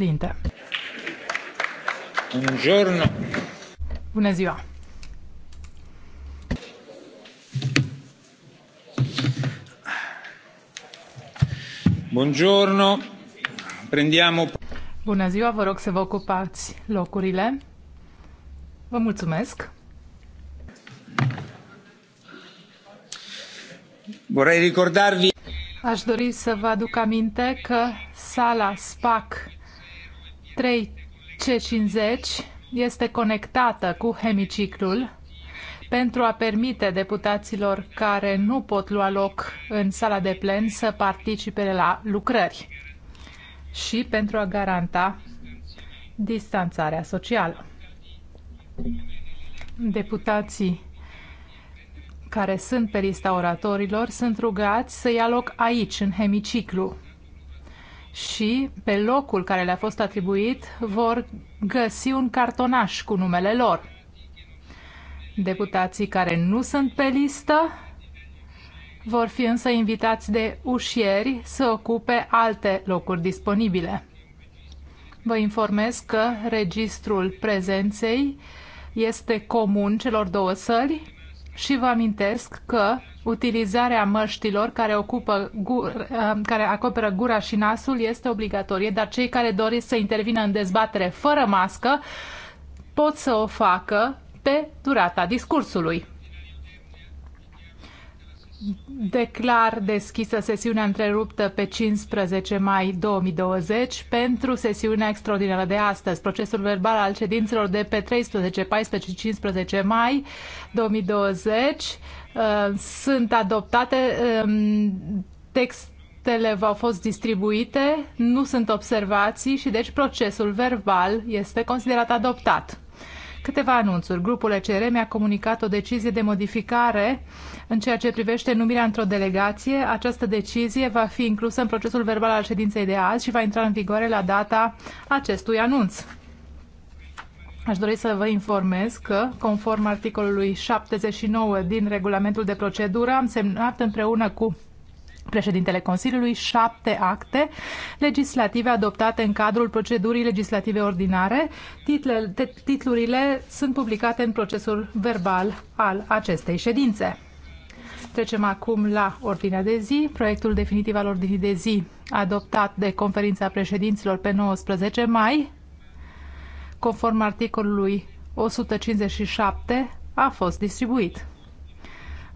Dinte. Buongiorno. Bună ziua. Buongiorno. Prendiamo Bună ziua, vă rog să vă ocupați locurile. Vă mulțumesc. Vorrei ricordarvi Aș dori să vă aduc aminte că sala SPAC 3C50 este conectată cu hemiciclul pentru a permite deputaților care nu pot lua loc în sala de plen să participe la lucrări și pentru a garanta distanțarea socială. Deputații care sunt pe lista oratorilor sunt rugați să ia loc aici, în hemiciclu și pe locul care le-a fost atribuit vor găsi un cartonaș cu numele lor. Deputații care nu sunt pe listă vor fi însă invitați de ușieri să ocupe alte locuri disponibile. Vă informez că registrul prezenței este comun celor două țări și vă amintesc că utilizarea măștilor care, ocupă gur, um, care acoperă gura și nasul este obligatorie, dar cei care doresc să intervină în dezbatere fără mască pot să o facă pe durata discursului declar deschisă sesiunea întreruptă pe 15 mai 2020 pentru sesiunea extraordinară de astăzi. Procesul verbal al ședințelor de pe 13, 14 și 15 mai 2020 uh, sunt adoptate. Um, textele v-au fost distribuite, nu sunt observații și deci procesul verbal este considerat adoptat. Câteva anunțuri. Grupul ECR mi-a comunicat o decizie de modificare în ceea ce privește numirea într-o delegație. Această decizie va fi inclusă în procesul verbal al ședinței de azi și va intra în vigoare la data acestui anunț. Aș dori să vă informez că, conform articolului 79 din regulamentul de procedură, am semnat împreună cu președintele Consiliului șapte acte legislative adoptate în cadrul procedurii legislative ordinare. Titlele, titlurile sunt publicate în procesul verbal al acestei ședințe. Trecem acum la ordinea de zi. Proiectul definitiv al ordinii de zi adoptat de conferința președinților pe 19 mai, conform articolului 157, a fost distribuit.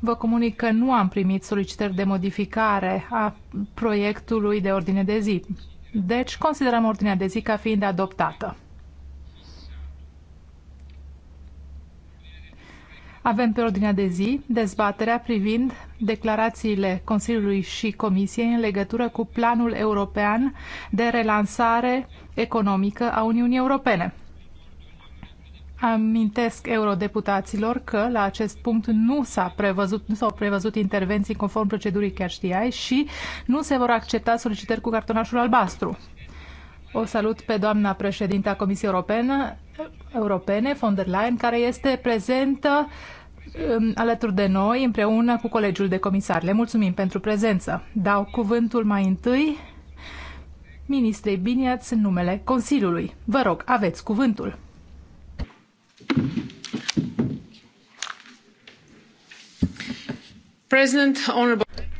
Vă comunic că nu am primit solicitări de modificare a proiectului de ordine de zi. Deci, considerăm ordinea de zi ca fiind adoptată. Avem pe ordinea de zi dezbaterea privind declarațiile Consiliului și Comisiei în legătură cu Planul European de Relansare Economică a Uniunii Europene. Amintesc eurodeputaților că la acest punct nu, s-a prevăzut, nu s-au prevăzut intervenții conform procedurii chiar știai și nu se vor accepta solicitări cu cartonașul albastru. O salut pe doamna președinta Comisiei Europene, Europene, von der Leyen, care este prezentă um, alături de noi împreună cu colegiul de comisar. Le mulțumim pentru prezență. Dau cuvântul mai întâi ministrei Biniaț în numele Consiliului. Vă rog, aveți cuvântul.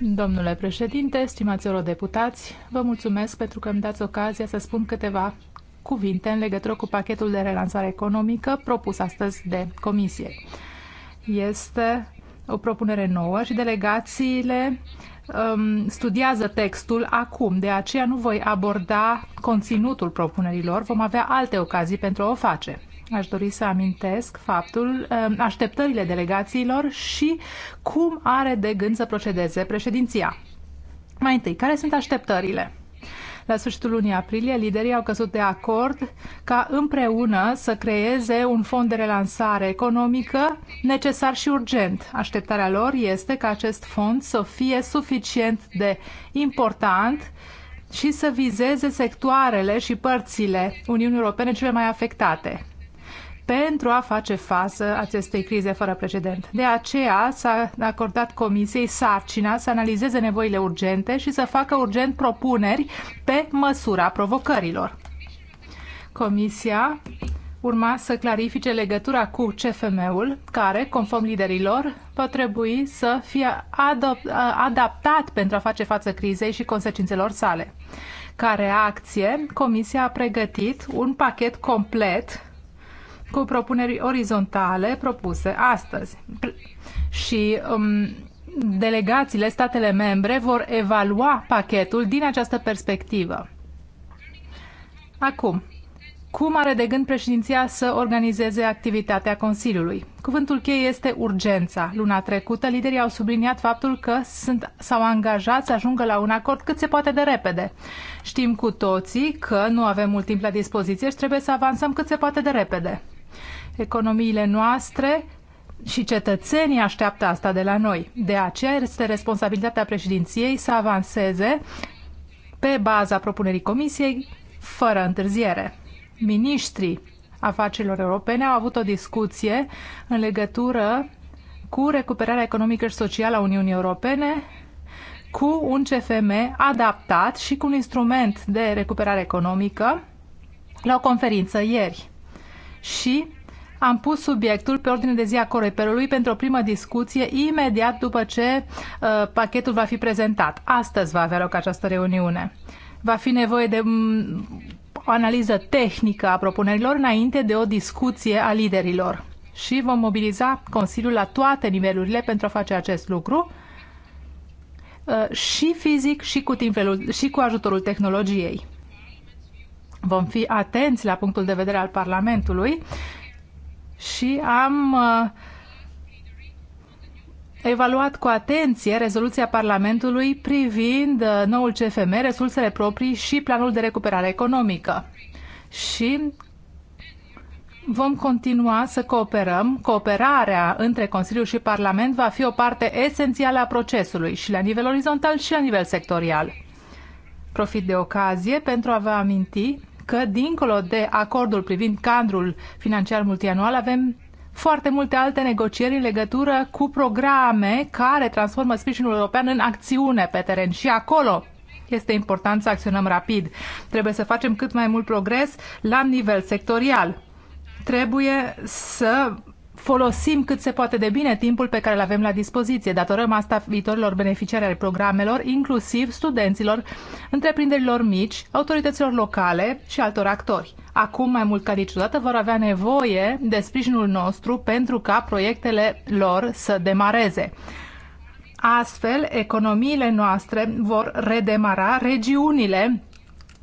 Domnule președinte, stimați eurodeputați, vă mulțumesc pentru că îmi dați ocazia să spun câteva cuvinte în legătură cu pachetul de relansare economică propus astăzi de Comisie. Este o propunere nouă și delegațiile um, studiază textul acum, de aceea nu voi aborda conținutul propunerilor, vom avea alte ocazii pentru a o face. Aș dori să amintesc faptul, um, așteptările delegațiilor și cum are de gând să procedeze președinția. Mai întâi, care sunt așteptările? La sfârșitul lunii aprilie, liderii au căzut de acord ca împreună să creeze un fond de relansare economică necesar și urgent. Așteptarea lor este ca acest fond să fie suficient de important și să vizeze sectoarele și părțile Uniunii Europene cele mai afectate pentru a face față acestei crize fără precedent. De aceea s-a acordat Comisiei sarcina să analizeze nevoile urgente și să facă urgent propuneri pe măsura provocărilor. Comisia urma să clarifice legătura cu CFM-ul, care, conform liderilor, va trebui să fie adaptat pentru a face față crizei și consecințelor sale. Ca reacție, Comisia a pregătit un pachet complet cu propuneri orizontale propuse astăzi. Și um, delegațiile, statele membre, vor evalua pachetul din această perspectivă. Acum, cum are de gând președinția să organizeze activitatea Consiliului? Cuvântul cheie este urgența. Luna trecută, liderii au subliniat faptul că sunt, s-au angajat să ajungă la un acord cât se poate de repede. Știm cu toții că nu avem mult timp la dispoziție și trebuie să avansăm cât se poate de repede. Economiile noastre și cetățenii așteaptă asta de la noi. De aceea este responsabilitatea președinției să avanseze pe baza propunerii Comisiei fără întârziere. Ministrii afacerilor europene au avut o discuție în legătură cu recuperarea economică și socială a Uniunii Europene, cu un CFM adaptat și cu un instrument de recuperare economică la o conferință ieri. Și am pus subiectul pe ordine de zi a Coreperului pentru o primă discuție imediat după ce uh, pachetul va fi prezentat. Astăzi va avea loc această reuniune. Va fi nevoie de um, o analiză tehnică a propunerilor înainte de o discuție a liderilor. Și vom mobiliza Consiliul la toate nivelurile pentru a face acest lucru uh, și fizic și cu, timpul, și cu ajutorul tehnologiei. Vom fi atenți la punctul de vedere al Parlamentului și am uh, evaluat cu atenție rezoluția Parlamentului privind uh, noul CFM, resursele proprii și planul de recuperare economică. Și vom continua să cooperăm. Cooperarea între Consiliu și Parlament va fi o parte esențială a procesului și la nivel orizontal și la nivel sectorial. Profit de ocazie pentru a vă aminti că, dincolo de acordul privind cadrul financiar multianual, avem foarte multe alte negocieri în legătură cu programe care transformă sprijinul european în acțiune pe teren și acolo este important să acționăm rapid. Trebuie să facem cât mai mult progres la nivel sectorial. Trebuie să folosim cât se poate de bine timpul pe care îl avem la dispoziție. Datorăm asta viitorilor beneficiari ai programelor, inclusiv studenților, întreprinderilor mici, autorităților locale și altor actori. Acum, mai mult ca niciodată, vor avea nevoie de sprijinul nostru pentru ca proiectele lor să demareze. Astfel, economiile noastre vor redemara, regiunile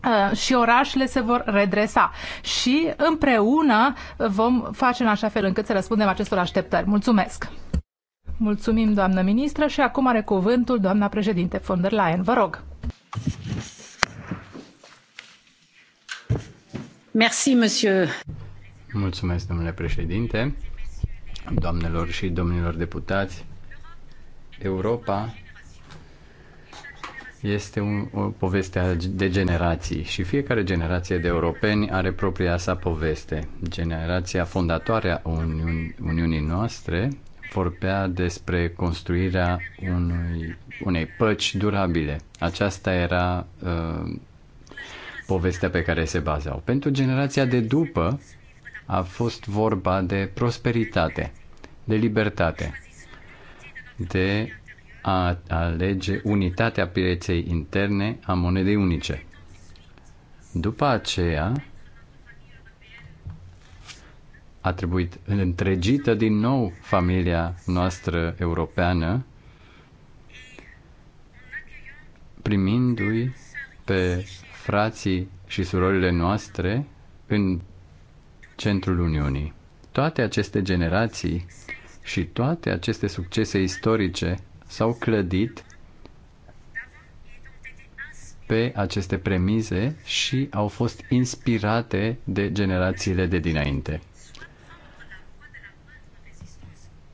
Uh, și orașele se vor redresa și împreună vom face în așa fel încât să răspundem acestor așteptări. Mulțumesc! Mulțumim, doamnă ministră, și acum are cuvântul doamna președinte von der Leyen. Vă rog! Merci, monsieur. Mulțumesc, domnule președinte, doamnelor și domnilor deputați. Europa este un, o poveste de generații și fiecare generație de europeni are propria sa poveste. Generația fondatoare a Uniunii, Uniunii noastre vorbea despre construirea unui, unei păci durabile. Aceasta era uh, povestea pe care se bazau. Pentru generația de după a fost vorba de prosperitate, de libertate, de a alege unitatea pieței interne a monedei unice. După aceea, a trebuit întregită din nou familia noastră europeană, primindu-i pe frații și surorile noastre în centrul Uniunii. Toate aceste generații și toate aceste succese istorice s-au clădit pe aceste premize și au fost inspirate de generațiile de dinainte.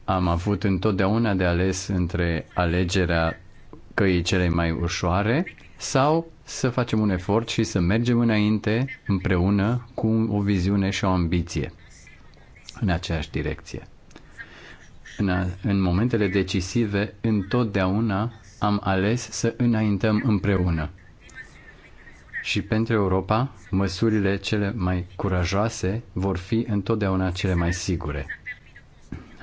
Am avut întotdeauna de ales între alegerea căii cele mai ușoare sau să facem un efort și să mergem înainte împreună cu o viziune și o ambiție în aceeași direcție. În, în momentele decisive, întotdeauna am ales să înaintăm împreună. Și pentru Europa, măsurile cele mai curajoase vor fi întotdeauna cele mai sigure.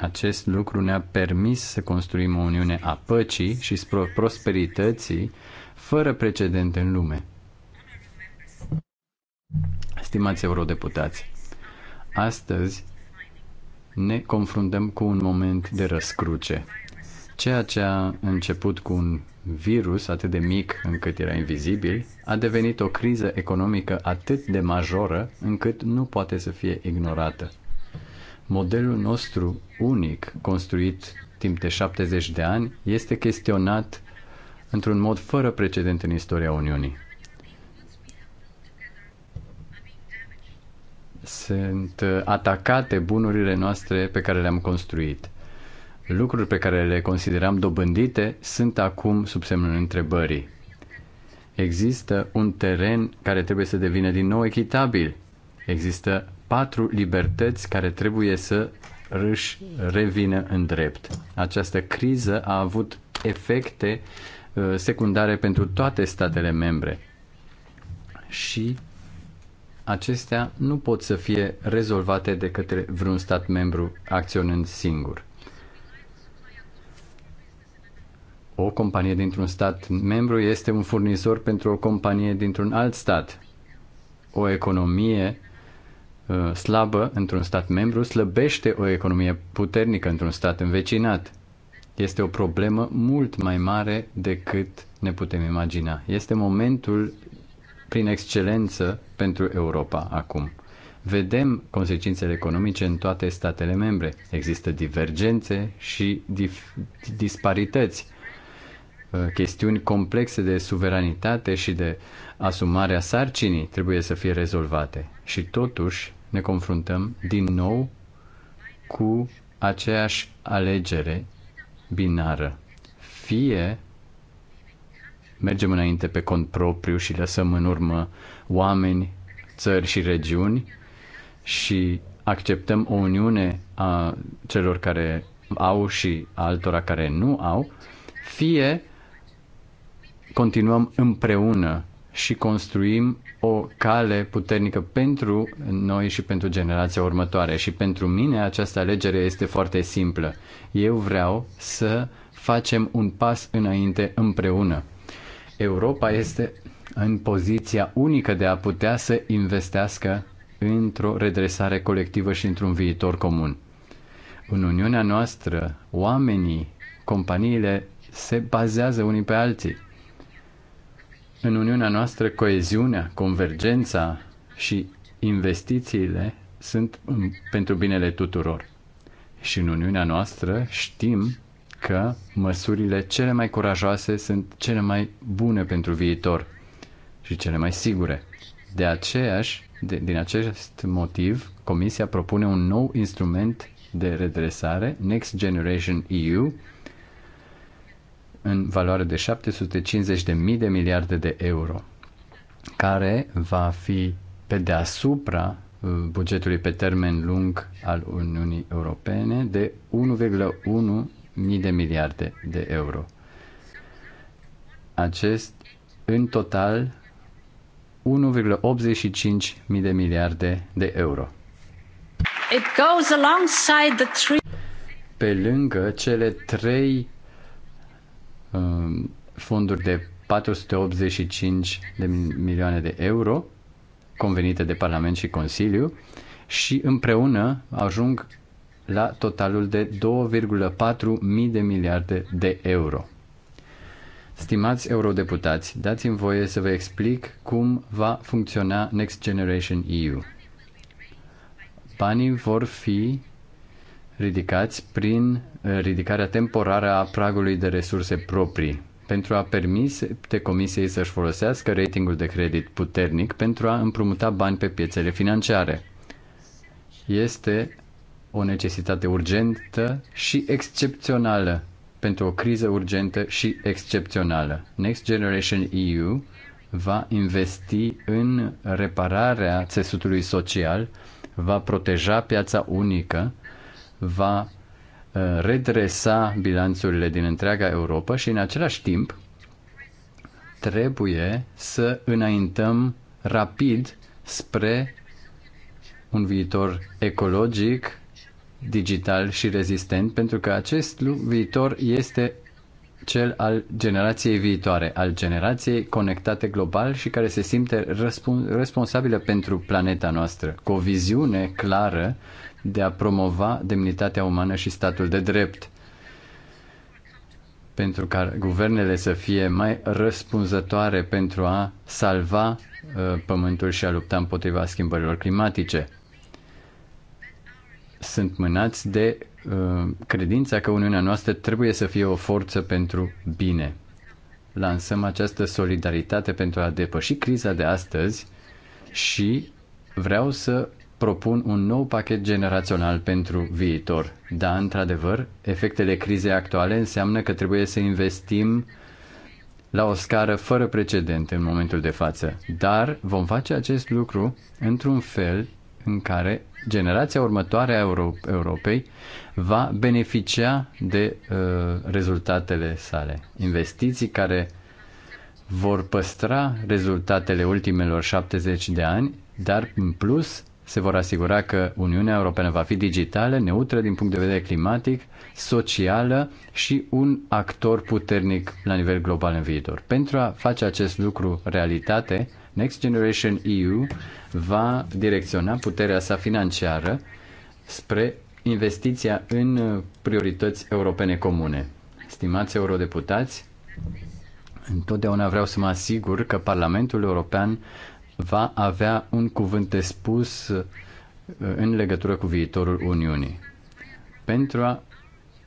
Acest lucru ne-a permis să construim o uniune a păcii și prosperității fără precedent în lume. Stimați eurodeputați, astăzi ne confruntăm cu un moment de răscruce. Ceea ce a început cu un virus atât de mic încât era invizibil, a devenit o criză economică atât de majoră încât nu poate să fie ignorată. Modelul nostru unic, construit timp de 70 de ani, este chestionat într-un mod fără precedent în istoria Uniunii. sunt atacate bunurile noastre pe care le-am construit. Lucruri pe care le consideram dobândite sunt acum sub semnul întrebării. Există un teren care trebuie să devină din nou echitabil. Există patru libertăți care trebuie să își revină în drept. Această criză a avut efecte uh, secundare pentru toate statele membre și acestea nu pot să fie rezolvate de către vreun stat membru acționând singur. O companie dintr-un stat membru este un furnizor pentru o companie dintr-un alt stat. O economie uh, slabă într-un stat membru slăbește o economie puternică într-un stat învecinat. Este o problemă mult mai mare decât ne putem imagina. Este momentul, prin excelență, pentru Europa acum. Vedem consecințele economice în toate statele membre. Există divergențe și dif- disparități, uh, chestiuni complexe de suveranitate și de asumarea sarcinii trebuie să fie rezolvate. Și totuși ne confruntăm din nou cu aceeași alegere binară. Fie mergem înainte pe cont propriu și lăsăm în urmă oameni, țări și regiuni și acceptăm o uniune a celor care au și a altora care nu au, fie continuăm împreună și construim o cale puternică pentru noi și pentru generația următoare. Și pentru mine această alegere este foarte simplă. Eu vreau să facem un pas înainte împreună. Europa este în poziția unică de a putea să investească într-o redresare colectivă și într-un viitor comun. În Uniunea noastră, oamenii, companiile se bazează unii pe alții. În Uniunea noastră, coeziunea, convergența și investițiile sunt pentru binele tuturor. Și în Uniunea noastră știm că măsurile cele mai curajoase sunt cele mai bune pentru viitor și cele mai sigure. De aceeași, de, din acest motiv, Comisia propune un nou instrument de redresare, Next Generation EU, în valoare de 750.000 de miliarde de euro, care va fi pe deasupra uh, bugetului pe termen lung al Uniunii Europene de 1,1 mii de miliarde de euro. Acest, în total, 1,85 mii de miliarde de euro. It goes alongside the three... Pe lângă cele trei um, fonduri de 485 de milioane de euro convenite de Parlament și Consiliu și împreună ajung la totalul de 2,4 mii de miliarde de euro. Stimați eurodeputați, dați-mi voie să vă explic cum va funcționa Next Generation EU. Banii vor fi ridicați prin eh, ridicarea temporară a pragului de resurse proprii, pentru a permite Comisiei să-și folosească ratingul de credit puternic pentru a împrumuta bani pe piețele financiare. Este o necesitate urgentă și excepțională, pentru o criză urgentă și excepțională. Next Generation EU va investi în repararea țesutului social, va proteja piața unică, va uh, redresa bilanțurile din întreaga Europa și în același timp trebuie să înaintăm rapid spre un viitor ecologic digital și rezistent, pentru că acest viitor este cel al generației viitoare, al generației conectate global și care se simte responsabilă pentru planeta noastră, cu o viziune clară de a promova demnitatea umană și statul de drept, pentru ca guvernele să fie mai răspunzătoare pentru a salva uh, pământul și a lupta împotriva schimbărilor climatice sunt mânați de uh, credința că Uniunea noastră trebuie să fie o forță pentru bine. Lansăm această solidaritate pentru a depăși criza de astăzi și vreau să propun un nou pachet generațional pentru viitor. Da, într-adevăr, efectele crizei actuale înseamnă că trebuie să investim la o scară fără precedent în momentul de față, dar vom face acest lucru într-un fel în care generația următoare a Euro- Europei va beneficia de uh, rezultatele sale. Investiții care vor păstra rezultatele ultimelor 70 de ani, dar în plus se vor asigura că Uniunea Europeană va fi digitală, neutră din punct de vedere climatic, socială și un actor puternic la nivel global în viitor. Pentru a face acest lucru realitate, Next Generation EU va direcționa puterea sa financiară spre investiția în priorități europene comune. Stimați eurodeputați, întotdeauna vreau să mă asigur că Parlamentul European va avea un cuvânt de spus uh, în legătură cu viitorul Uniunii. Pentru a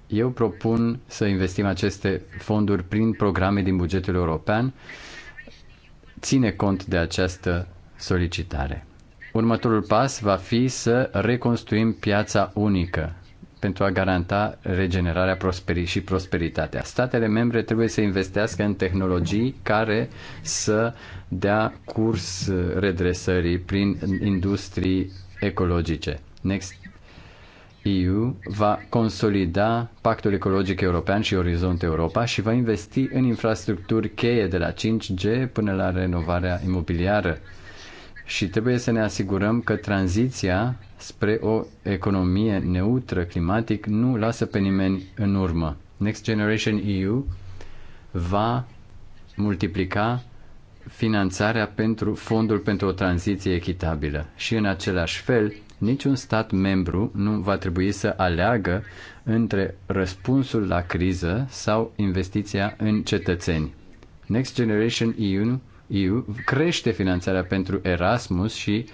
eu propun să investim aceste fonduri prin programe din bugetul european ține cont de această solicitare. Următorul pas va fi să reconstruim piața unică pentru a garanta regenerarea prosperii și prosperitatea. Statele membre trebuie să investească în tehnologii care să dea curs redresării prin industrii ecologice. Next, EU va consolida Pactul Ecologic European și Orizont Europa și va investi în infrastructuri cheie de la 5G până la renovarea imobiliară. Și trebuie să ne asigurăm că tranziția spre o economie neutră climatic nu lasă pe nimeni în urmă. Next Generation EU va multiplica finanțarea pentru fondul pentru o tranziție echitabilă și în același fel Niciun stat membru nu va trebui să aleagă între răspunsul la criză sau investiția în cetățeni. Next Generation EU, EU crește finanțarea pentru Erasmus și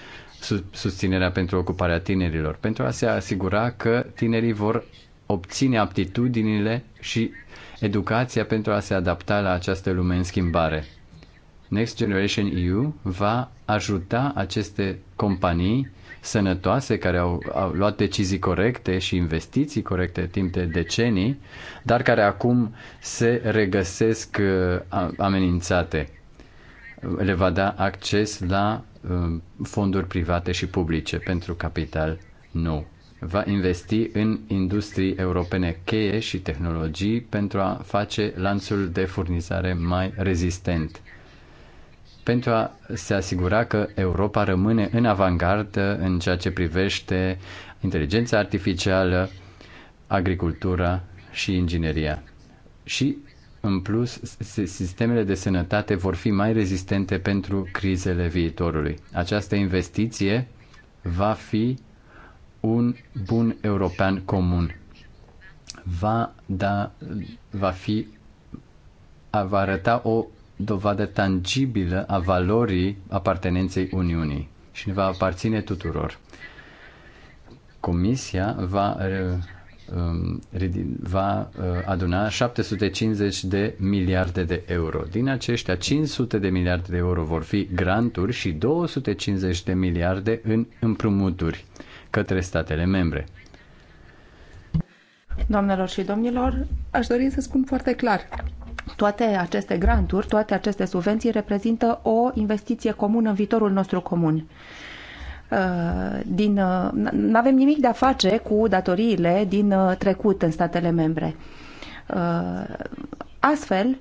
susținerea pentru ocuparea tinerilor, pentru a se asigura că tinerii vor obține aptitudinile și educația pentru a se adapta la această lume în schimbare. Next Generation EU va ajuta aceste companii sănătoase, care au, au luat decizii corecte și investiții corecte timp de decenii, dar care acum se regăsesc uh, amenințate. Le va da acces la uh, fonduri private și publice pentru capital nou. Va investi în industrii europene cheie și tehnologii pentru a face lanțul de furnizare mai rezistent pentru a se asigura că Europa rămâne în avangardă în ceea ce privește inteligența artificială, agricultura și ingineria. Și, în plus, sistemele de sănătate vor fi mai rezistente pentru crizele viitorului. Această investiție va fi un bun european comun. Va, da, va fi va arăta o dovadă tangibilă a valorii apartenenței Uniunii și ne va aparține tuturor. Comisia va, um, va uh, aduna 750 de miliarde de euro. Din aceștia, 500 de miliarde de euro vor fi granturi și 250 de miliarde în împrumuturi către statele membre. Doamnelor și domnilor, aș dori să spun foarte clar toate aceste granturi, toate aceste subvenții reprezintă o investiție comună în viitorul nostru comun uh, din, uh, nu avem nimic de a face cu datoriile din uh, trecut în statele membre. Astfel,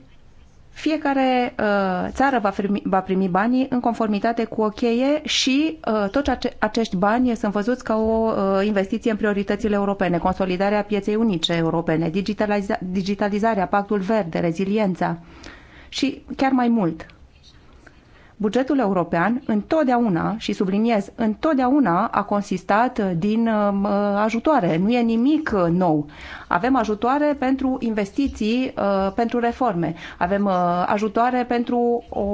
fiecare uh, țară va primi, va primi banii în conformitate cu o cheie și uh, toți ace- acești bani sunt văzuți ca o uh, investiție în prioritățile europene, consolidarea pieței unice europene, digitaliza- digitalizarea, pactul verde, reziliența și chiar mai mult bugetul european întotdeauna, și subliniez, întotdeauna a consistat uh, din uh, uh, ajutoare. Nu e nimic nou. Avem ajutoare pentru investiții, pentru reforme. Avem ajutoare pentru o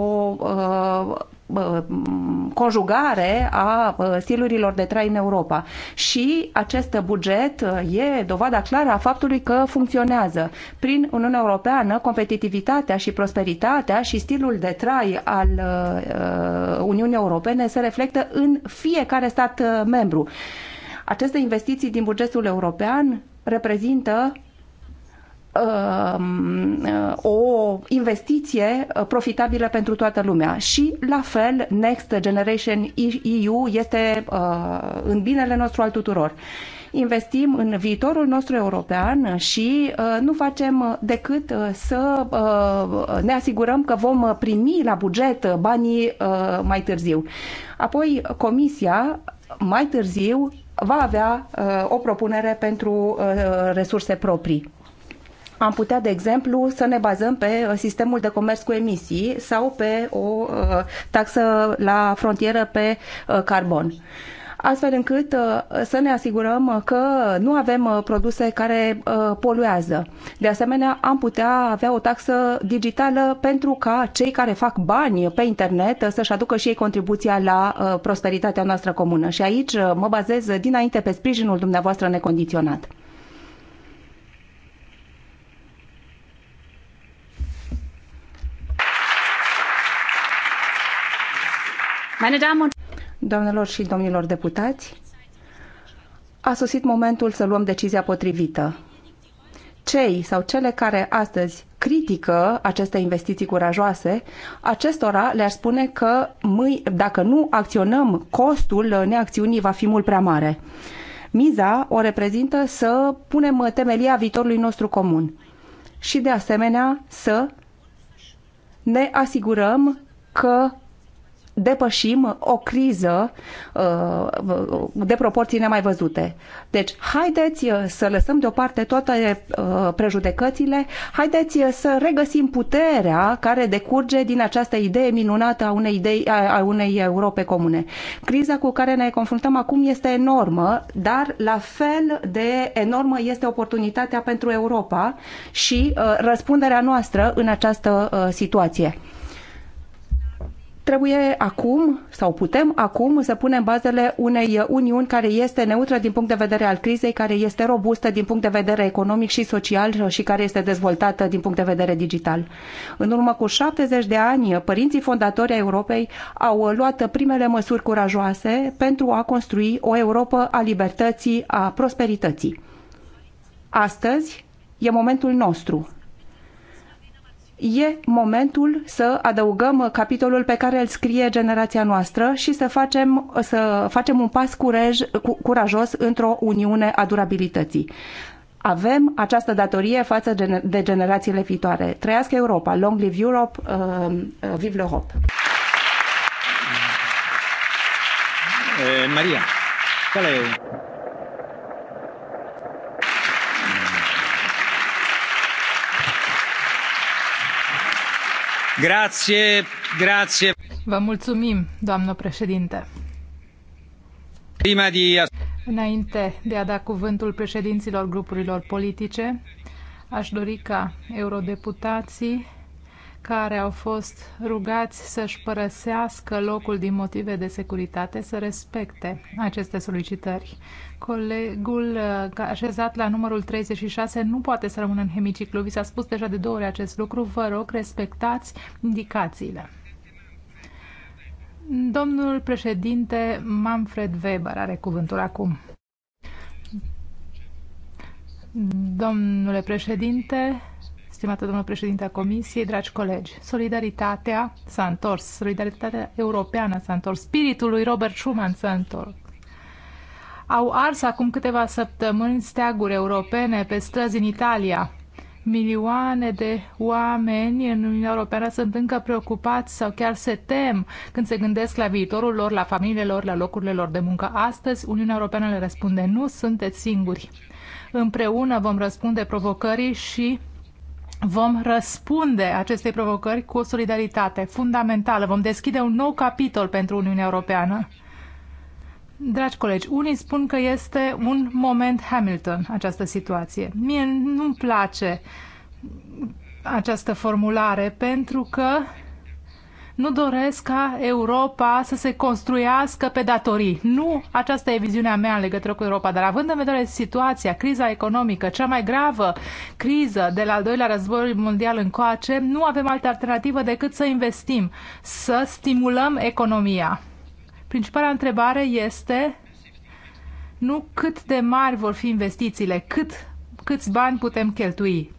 conjugare a stilurilor de trai în Europa. Și acest buget uh, e dovada clară a faptului că funcționează. Prin Uniunea Europeană, competitivitatea și prosperitatea și stilul de trai al uh, uh, Uniunii Europene se reflectă în fiecare stat membru. Aceste investiții din bugetul european reprezintă Um, uh, o investiție profitabilă pentru toată lumea. Și, la fel, Next Generation EU este uh, în binele nostru al tuturor. Investim în viitorul nostru european și uh, nu facem decât să ne asigurăm că vom primi la buget banii mai târziu. Apoi, Comisia mai târziu va avea o propunere pentru resurse proprii am putea, de exemplu, să ne bazăm pe uh, sistemul de comerț cu emisii sau pe o uh, taxă la frontieră pe uh, carbon astfel încât să ne asigurăm că nu avem produse care poluează. De asemenea, am putea avea o taxă digitală pentru ca cei care fac bani pe internet să-și aducă și ei contribuția la prosperitatea noastră comună. Și aici mă bazez dinainte pe sprijinul dumneavoastră necondiționat. Doamnelor și domnilor deputați, a sosit momentul să luăm decizia potrivită. Cei sau cele care astăzi critică aceste investiții curajoase, acestora le-aș spune că mâi, dacă nu acționăm, costul neacțiunii va fi mult prea mare. Miza o reprezintă să punem temelia viitorului nostru comun și, de asemenea, să ne asigurăm că depășim o criză uh, de proporții nemai văzute. Deci, haideți uh, să lăsăm deoparte toate uh, prejudecățile, haideți să regăsim puterea care decurge din această idee minunată a unei, idei, a unei Europe comune. Criza cu care ne confruntăm acum este enormă, dar la fel de enormă este oportunitatea pentru Europa și răspunderea noastră în această situație. Trebuie acum sau putem acum să punem bazele unei uniuni care este neutră din punct de vedere al crizei, care este robustă din punct de vedere economic și social și care este dezvoltată din punct de vedere digital. În urmă cu 70 de ani, părinții fondatori ai Europei au luat primele măsuri curajoase pentru a construi o Europa a libertății, a prosperității. Astăzi e momentul nostru e momentul să adăugăm capitolul pe care îl scrie generația noastră și să facem, să facem un pas curaj curajos într-o uniune a durabilității. Avem această datorie față de generațiile viitoare. Trăiască Europa! Long live Europe! Uh, uh, vive l'Europe! Eh, Maria, care Vă mulțumim, doamnă președinte. Prima Înainte de a da cuvântul președinților grupurilor politice, aș dori ca eurodeputații care au fost rugați să-și părăsească locul din motive de securitate să respecte aceste solicitări. Colegul uh, așezat la numărul 36 nu poate să rămână în hemiciclu. Vi s-a spus deja de două ori acest lucru. Vă rog, respectați indicațiile. Domnul președinte Manfred Weber are cuvântul acum. Domnule președinte, stimată doamnă președinte a Comisiei, dragi colegi, solidaritatea s-a întors, solidaritatea europeană s-a întors, spiritul lui Robert Schuman s-a întors. Au ars acum câteva săptămâni steaguri europene pe străzi în Italia. Milioane de oameni în Uniunea Europeană sunt încă preocupați sau chiar se tem când se gândesc la viitorul lor, la familiile lor, la locurile lor de muncă. Astăzi, Uniunea Europeană le răspunde, nu sunteți singuri. Împreună vom răspunde provocării și vom răspunde acestei provocări cu o solidaritate fundamentală. Vom deschide un nou capitol pentru Uniunea Europeană. Dragi colegi, unii spun că este un moment Hamilton această situație. Mie nu-mi place această formulare pentru că nu doresc ca Europa să se construiască pe datorii. Nu aceasta e viziunea mea în legătură cu Europa, dar având în vedere situația, criza economică, cea mai gravă criză de la al doilea război mondial încoace, nu avem altă alternativă decât să investim, să stimulăm economia. Principala întrebare este nu cât de mari vor fi investițiile, cât, câți bani putem cheltui.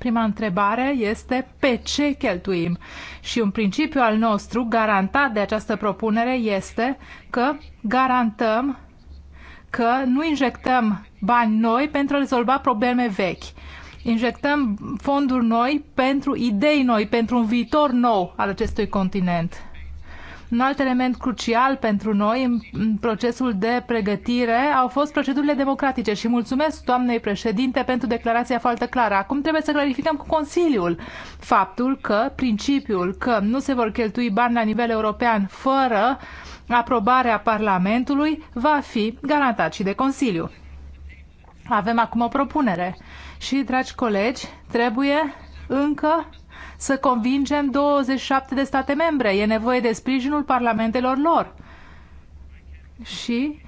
Prima întrebare este pe ce cheltuim? Și un principiu al nostru garantat de această propunere este că garantăm că nu injectăm bani noi pentru a rezolva probleme vechi. Injectăm fonduri noi pentru idei noi, pentru un viitor nou al acestui continent. Un alt element crucial pentru noi în procesul de pregătire au fost procedurile democratice și mulțumesc doamnei președinte pentru declarația foarte clară. Acum trebuie să clarificăm cu Consiliul faptul că principiul că nu se vor cheltui bani la nivel european fără aprobarea Parlamentului va fi garantat și de Consiliu. Avem acum o propunere și, dragi colegi, trebuie încă să convingem 27 de state membre. E nevoie de sprijinul parlamentelor lor. Și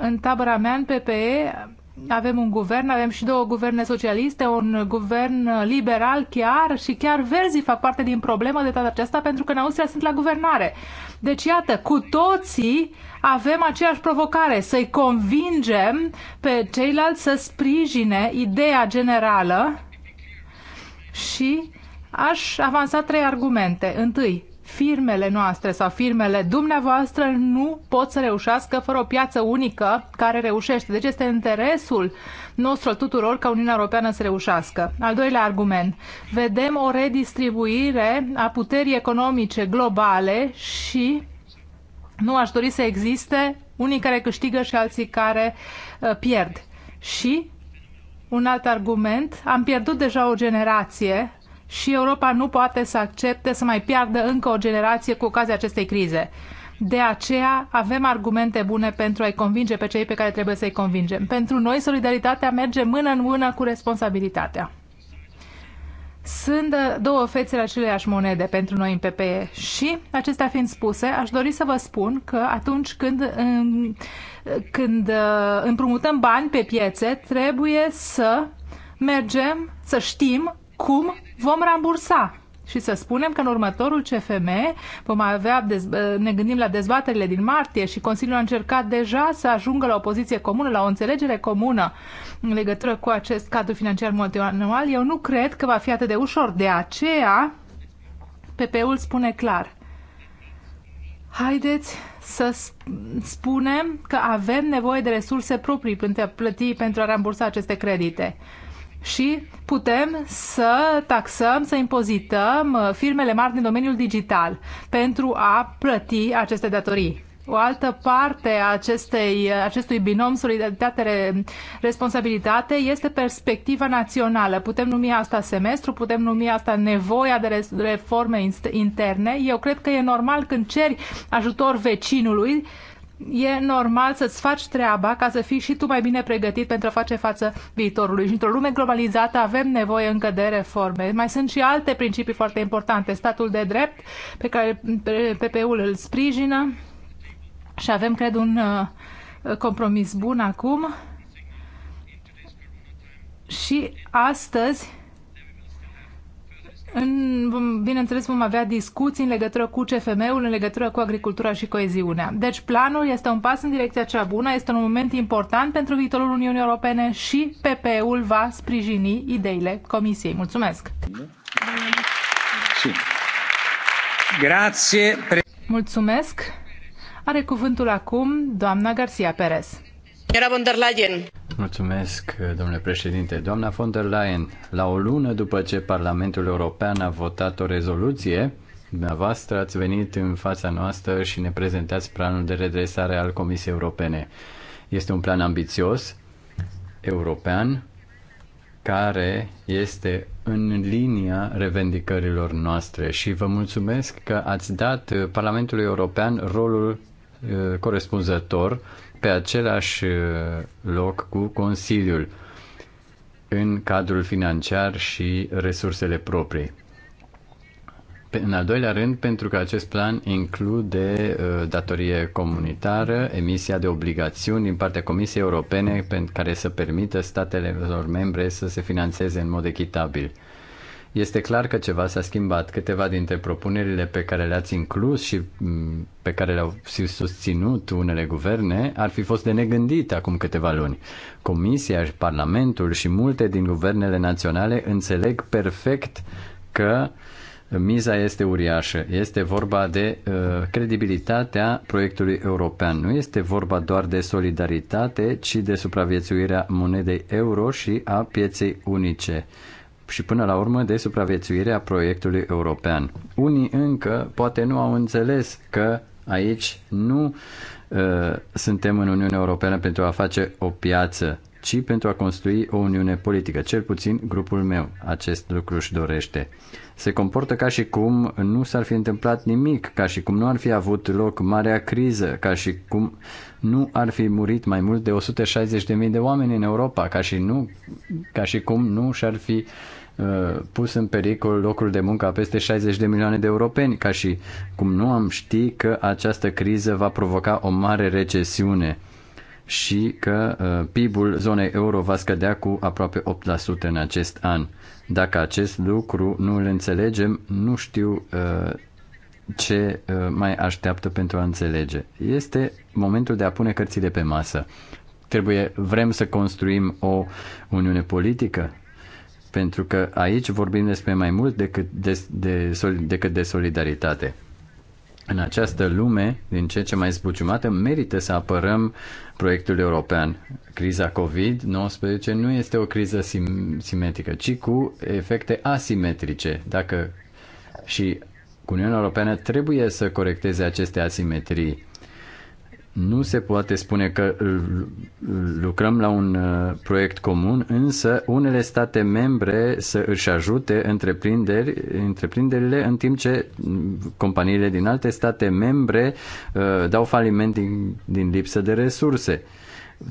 în tabăra mea, în PPE, avem un guvern, avem și două guverne socialiste, un guvern liberal chiar și chiar verzii fac parte din problemă de data aceasta pentru că în Austria sunt la guvernare. Deci iată, cu toții avem aceeași provocare, să-i convingem pe ceilalți să sprijine ideea generală și Aș avansa trei argumente. Întâi, firmele noastre sau firmele dumneavoastră nu pot să reușească fără o piață unică care reușește. Deci este interesul nostru tuturor ca Uniunea Europeană să reușească. Al doilea argument. Vedem o redistribuire a puterii economice globale și nu aș dori să existe unii care câștigă și alții care uh, pierd. Și un alt argument, am pierdut deja o generație și Europa nu poate să accepte să mai piardă încă o generație cu ocazia acestei crize. De aceea avem argumente bune pentru a-i convinge pe cei pe care trebuie să-i convingem. Pentru noi, solidaritatea merge mână în mână cu responsabilitatea. Sunt uh, două fețe la aceleași monede pentru noi în PPE și, acestea fiind spuse, aș dori să vă spun că atunci când, în, când uh, împrumutăm bani pe piețe, trebuie să mergem, să știm cum vom rambursa și să spunem că în următorul CFM vom avea, ne gândim la dezbaterile din martie și Consiliul a încercat deja să ajungă la o poziție comună, la o înțelegere comună în legătură cu acest cadru financiar multianual. Eu nu cred că va fi atât de ușor. De aceea, PP-ul spune clar. Haideți să spunem că avem nevoie de resurse proprii pentru a plăti, pentru a rambursa aceste credite și putem să taxăm, să impozităm uh, firmele mari din domeniul digital pentru a plăti aceste datorii. O altă parte a acestei, uh, acestui binom solidaritate-responsabilitate este perspectiva națională. Putem numi asta semestru, putem numi asta nevoia de reforme interne. Eu cred că e normal când ceri ajutor vecinului e normal să-ți faci treaba ca să fii și tu mai bine pregătit pentru a face față viitorului. Și într-o lume globalizată avem nevoie încă de reforme. Mai sunt și alte principii foarte importante. Statul de drept, pe care PP-ul îl sprijină și avem, cred, un uh, compromis bun acum. Și astăzi în, bineînțeles, vom avea discuții în legătură cu CFM-ul, în legătură cu agricultura și coeziunea. Deci, planul este un pas în direcția cea bună, este un moment important pentru viitorul Uniunii Europene și PP-ul va sprijini ideile Comisiei. Mulțumesc! Grazie. Mulțumesc! Are cuvântul acum doamna Garcia Perez. Doamna von der Leyen. Mulțumesc, domnule președinte. Doamna von der Leyen, la o lună după ce Parlamentul European a votat o rezoluție, dumneavoastră ați venit în fața noastră și ne prezentați planul de redresare al Comisiei Europene. Este un plan ambițios, european, care este în linia revendicărilor noastre și vă mulțumesc că ați dat Parlamentului European rolul eh, corespunzător pe același uh, loc cu Consiliul în cadrul financiar și resursele proprii. În al doilea rând, pentru că acest plan include uh, datorie comunitară, emisia de obligațiuni din partea Comisiei Europene care să permită statelor membre să se financeze în mod echitabil. Este clar că ceva s-a schimbat. Câteva dintre propunerile pe care le-ați inclus și mm, pe care le-au susținut unele guverne ar fi fost de negândit acum câteva luni. Comisia și Parlamentul și multe din guvernele naționale înțeleg perfect că miza este uriașă. Este vorba de uh, credibilitatea proiectului european. Nu este vorba doar de solidaritate, ci de supraviețuirea monedei euro și a pieței unice și până la urmă de supraviețuirea proiectului european. Unii încă poate nu au înțeles că aici nu uh, suntem în Uniunea Europeană pentru a face o piață, ci pentru a construi o uniune politică. Cel puțin grupul meu acest lucru își dorește. Se comportă ca și cum nu s-ar fi întâmplat nimic, ca și cum nu ar fi avut loc marea criză, ca și cum nu ar fi murit mai mult de 160.000 de oameni în Europa, ca și, nu, ca și cum nu și-ar fi uh, Uh, pus în pericol locul de muncă a peste 60 de milioane de europeni, ca și cum nu am ști că această criză va provoca o mare recesiune și că uh, PIB-ul zonei euro va scădea cu aproape 8% în acest an. Dacă acest lucru nu îl înțelegem, nu știu uh, ce mai așteaptă pentru a înțelege. Este momentul de a pune cărțile pe masă. Trebuie, vrem să construim o uniune politică? pentru că aici vorbim despre mai mult decât de, de, decât de solidaritate. În această lume, din ce ce mai zbuciumată, merită să apărăm proiectul european. Criza COVID-19 nu este o criză sim- simetrică, ci cu efecte asimetrice. Dacă și Uniunea Europeană trebuie să corecteze aceste asimetrii nu se poate spune că lucrăm la un uh, proiect comun, însă unele state membre să își ajute întreprinderi, întreprinderile, în timp ce companiile din alte state membre uh, dau faliment din, din lipsă de resurse.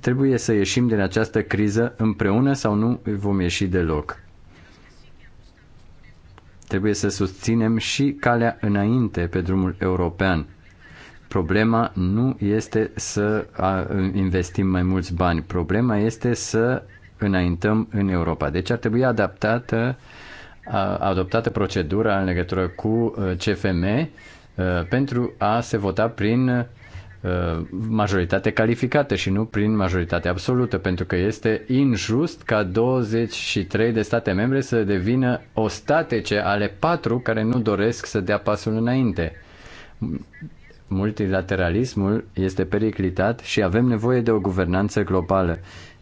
Trebuie să ieșim din această criză împreună sau nu vom ieși deloc. Trebuie să susținem și calea înainte pe drumul european Problema nu este să investim mai mulți bani, problema este să înaintăm în Europa. Deci ar trebui adaptată, adoptată procedura în legătură cu uh, CFM uh, pentru a se vota prin uh, majoritate calificată și nu prin majoritate absolută, pentru că este injust ca 23 de state membre să devină ostatece ale patru care nu doresc să dea pasul înainte multilateralismul este periclitat și avem nevoie de o guvernanță globală.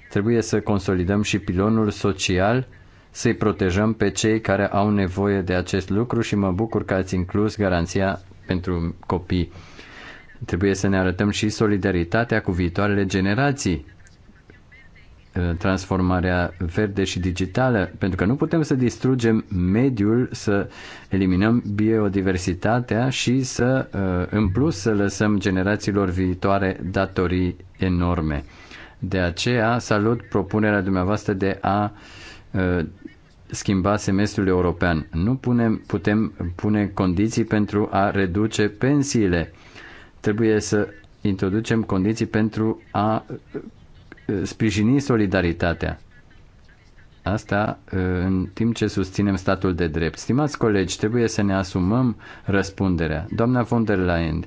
Trebuie să consolidăm și pilonul social, să-i protejăm pe cei care au nevoie de acest lucru și mă bucur că ați inclus garanția pentru copii. Trebuie să ne arătăm și solidaritatea cu viitoarele generații Uh, transformarea verde și digitală, pentru că nu putem să distrugem mediul, să eliminăm biodiversitatea și să, uh, în plus, să lăsăm generațiilor viitoare datorii enorme. De aceea salut propunerea dumneavoastră de a uh, schimba semestrul european. Nu punem, putem pune condiții pentru a reduce pensiile. Trebuie să introducem condiții pentru a sprijini solidaritatea. Asta uh, în timp ce susținem statul de drept. Stimați colegi, trebuie să ne asumăm răspunderea. Doamna von der Leyen,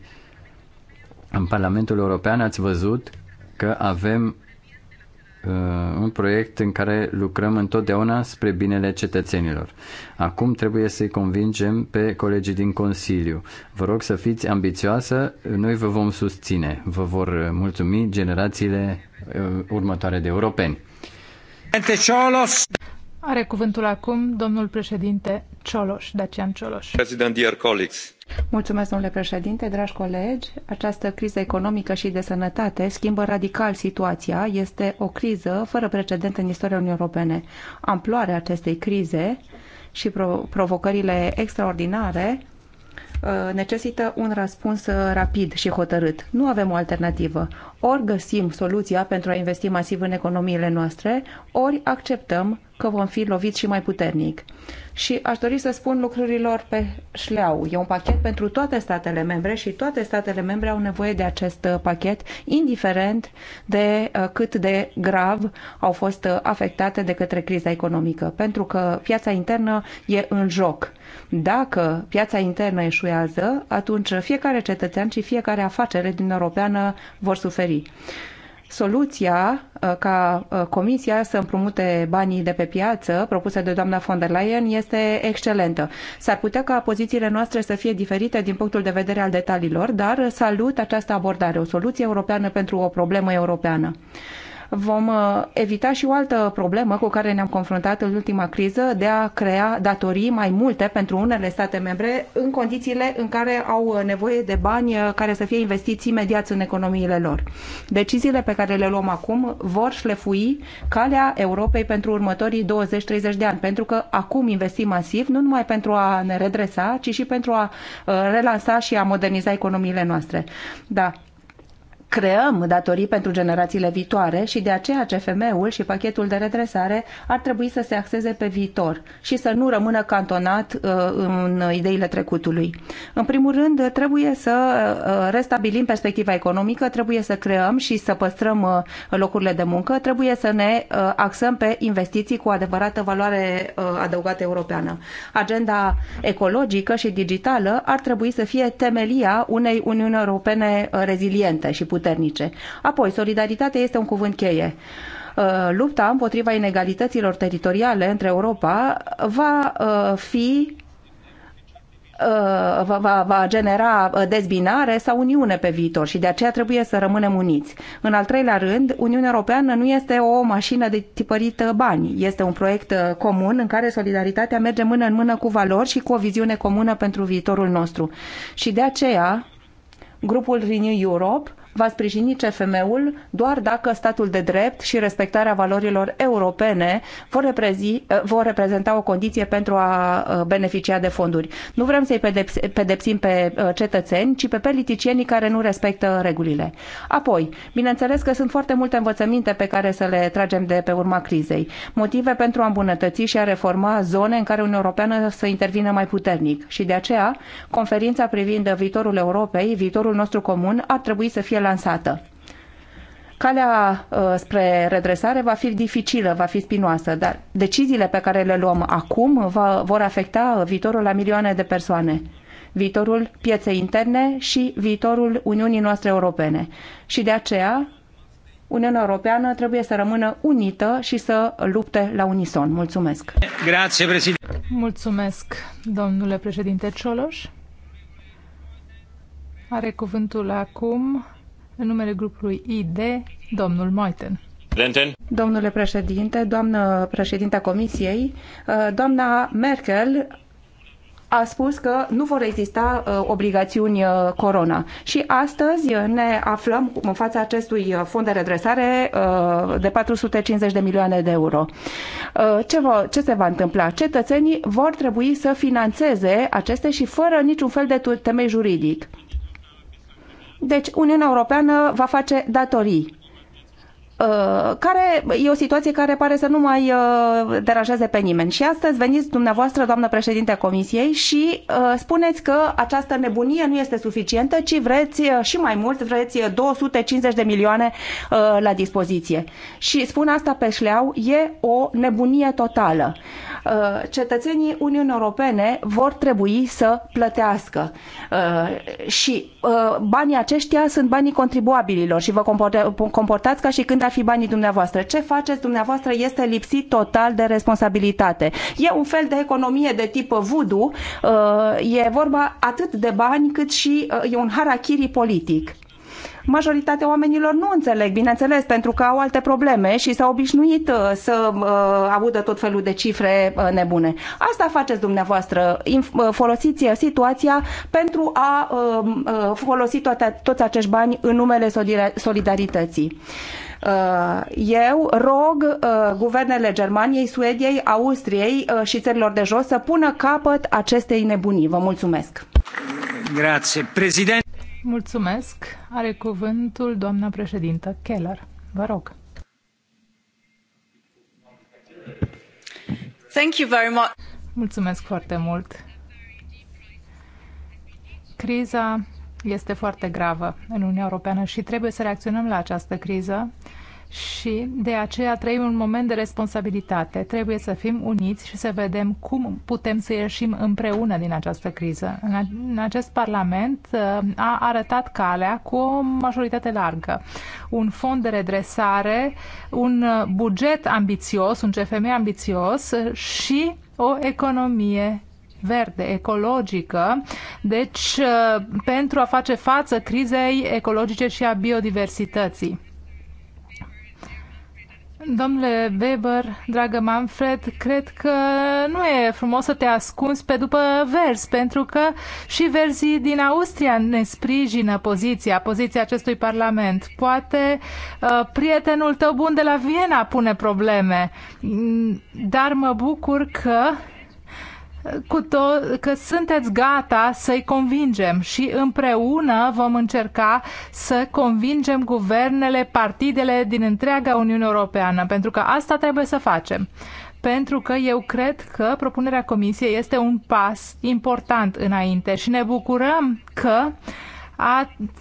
în Parlamentul European ați văzut că avem Uh, un proiect în care lucrăm întotdeauna spre binele cetățenilor. Acum trebuie să-i convingem pe colegii din Consiliu. Vă rog să fiți ambițioasă, noi vă vom susține. Vă vor mulțumi generațiile uh, următoare de europeni. Are cuvântul acum domnul președinte Cioloș, Dacian Cioloș. President, dear colleagues. Mulțumesc, domnule președinte, dragi colegi. Această criză economică și de sănătate schimbă radical situația. Este o criză fără precedent în istoria Uniunii Europene. Amploarea acestei crize și provocările extraordinare uh, necesită un răspuns uh, rapid și hotărât. Nu avem o alternativă. Ori găsim soluția pentru a investi masiv în economiile noastre, ori acceptăm că vom fi loviți și mai puternic. Și aș dori să spun lucrurilor pe șleau. E un pachet pentru toate statele membre și toate statele membre au nevoie de acest uh, pachet, indiferent de uh, cât de grav au fost uh, afectate de către criza economică, pentru că piața internă e în joc. Dacă piața internă eșuează, atunci fiecare cetățean și fiecare afacere din Europeană vor suferi finanțării. Soluția uh, ca uh, Comisia să împrumute banii de pe piață propuse de doamna von der Leyen este excelentă. S-ar putea ca pozițiile noastre să fie diferite din punctul de vedere al detaliilor, dar salut această abordare, o soluție europeană pentru o problemă europeană vom uh, evita și o altă problemă cu care ne-am confruntat în ultima criză de a crea datorii mai multe pentru unele state membre în condițiile în care au uh, nevoie de bani uh, care să fie investiți imediat în economiile lor. Deciziile pe care le luăm acum vor șlefui calea Europei pentru următorii 20-30 de ani, pentru că acum investim masiv nu numai pentru a ne redresa, ci și pentru a relansa și a moderniza economiile noastre. Da, creăm datorii pentru generațiile viitoare și de aceea CFM-ul și pachetul de redresare ar trebui să se axeze pe viitor și să nu rămână cantonat uh, în ideile trecutului. În primul rând, trebuie să uh, restabilim perspectiva economică, trebuie să creăm și să păstrăm uh, locurile de muncă, trebuie să ne axăm pe investiții cu adevărată valoare adăugată europeană. Agenda ecologică și digitală ar trebui să fie temelia unei Uniuni Europene reziliente și puternice puternice. Apoi, solidaritatea este un cuvânt cheie uh, lupta împotriva inegalităților teritoriale între Europa va uh, fi uh, va, va, va genera dezbinare sau uniune pe viitor și de aceea trebuie să rămânem uniți. În al treilea rând, Uniunea Europeană nu este o mașină de tipărit bani. Este un proiect comun în care solidaritatea merge mână în mână cu valori și cu o viziune comună pentru viitorul nostru. Și de aceea, grupul Renew Europe va sprijini CFM-ul doar dacă statul de drept și respectarea valorilor europene vor, reprezi, vor reprezenta o condiție pentru a beneficia de fonduri. Nu vrem să-i pedepsim pe cetățeni, ci pe politicienii care nu respectă regulile. Apoi, bineînțeles că sunt foarte multe învățăminte pe care să le tragem de pe urma crizei. Motive pentru a îmbunătăți și a reforma zone în care Uniunea Europeană să intervină mai puternic. Și de aceea, conferința privind viitorul Europei, viitorul nostru comun, ar trebui să fie lansată. Calea uh, spre redresare va fi dificilă, va fi spinoasă, dar deciziile pe care le luăm acum va, vor afecta viitorul la milioane de persoane viitorul pieței interne și viitorul Uniunii noastre europene. Și de aceea, Uniunea Europeană trebuie să rămână unită și să lupte la unison. Mulțumesc! Grazie, președinte! Mulțumesc, domnule președinte Cioloș. Are cuvântul acum în numele grupului ID, domnul Moiten. Lenten. Domnule președinte, doamnă a Comisiei, uh, doamna Merkel a spus că nu vor exista uh, obligațiuni uh, corona. Și astăzi ne aflăm în fața acestui fond de redresare de 450 de milioane de euro. Ce, va, ce se va întâmpla? Cetățenii vor trebui să financeze aceste și fără niciun fel de temei juridic deci Uniunea Europeană va face datorii Uh, care e o situație care pare să nu mai uh, deranjeze pe nimeni. Și astăzi veniți dumneavoastră, doamnă președinte a Comisiei, și uh, spuneți că această nebunie nu este suficientă, ci vreți și mai mult, vreți 250 de milioane la dispoziție. Și spun asta pe șleau, e o nebunie totală. Cetățenii Uniunii Europene vor trebui să plătească. Și banii aceștia sunt banii contribuabililor și vă comportați ca și când ar fi banii dumneavoastră. Ce faceți dumneavoastră este lipsit total de responsabilitate. E un fel de economie de tip voodoo, uh, e vorba atât de bani cât și uh, e un harakiri politic majoritatea oamenilor nu înțeleg, bineînțeles, pentru că au alte probleme și s-au obișnuit uh, să uh, audă tot felul de cifre uh, nebune. Asta faceți dumneavoastră, inf- folosiți situația pentru a folosi toate, toți acești bani în numele solidarității. Uh, eu rog uh, guvernele Germaniei, Suediei, Austriei uh, și țărilor de jos să pună capăt acestei nebunii. Vă mulțumesc! Grazie, președinte! Mulțumesc! Are cuvântul doamna președintă Keller. Vă rog! Thank you very much. Mulțumesc foarte mult! Criza este foarte gravă în Uniunea Europeană și trebuie să reacționăm la această criză și de aceea trăim un moment de responsabilitate. Trebuie să fim uniți și să vedem cum putem să ieșim împreună din această criză. În acest Parlament uh, a arătat calea cu o majoritate largă. Un fond de redresare, un uh, buget ambițios, un CFM ambițios și o economie verde, ecologică, deci uh, pentru a face față crizei ecologice și a biodiversității. Domnule Weber, dragă Manfred, cred că nu e frumos să te ascunzi pe după vers, pentru că și verzii din Austria ne sprijină poziția, poziția acestui parlament. Poate uh, prietenul tău bun de la Viena pune probleme, mm, dar mă bucur că cu to- că sunteți gata să-i convingem și împreună vom încerca să convingem guvernele, partidele din întreaga Uniune Europeană, pentru că asta trebuie să facem. Pentru că eu cred că propunerea Comisiei este un pas important înainte și ne bucurăm că uh,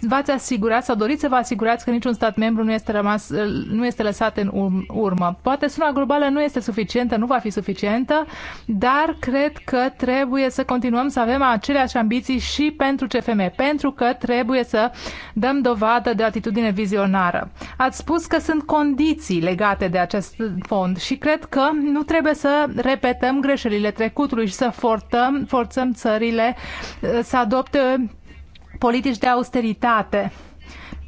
v-ați asigurat sau doriți să vă asigurați că niciun stat membru nu este, rămas, nu este lăsat în urmă. Poate suma globală nu este suficientă, nu va fi suficientă, dar cred că trebuie să continuăm să avem aceleași ambiții și pentru CFM, pentru că trebuie să dăm dovadă de atitudine vizionară. Ați spus că sunt condiții legate de acest fond și cred că nu trebuie să repetăm greșelile trecutului și să fortăm, forțăm țările să adopte politici de austeritate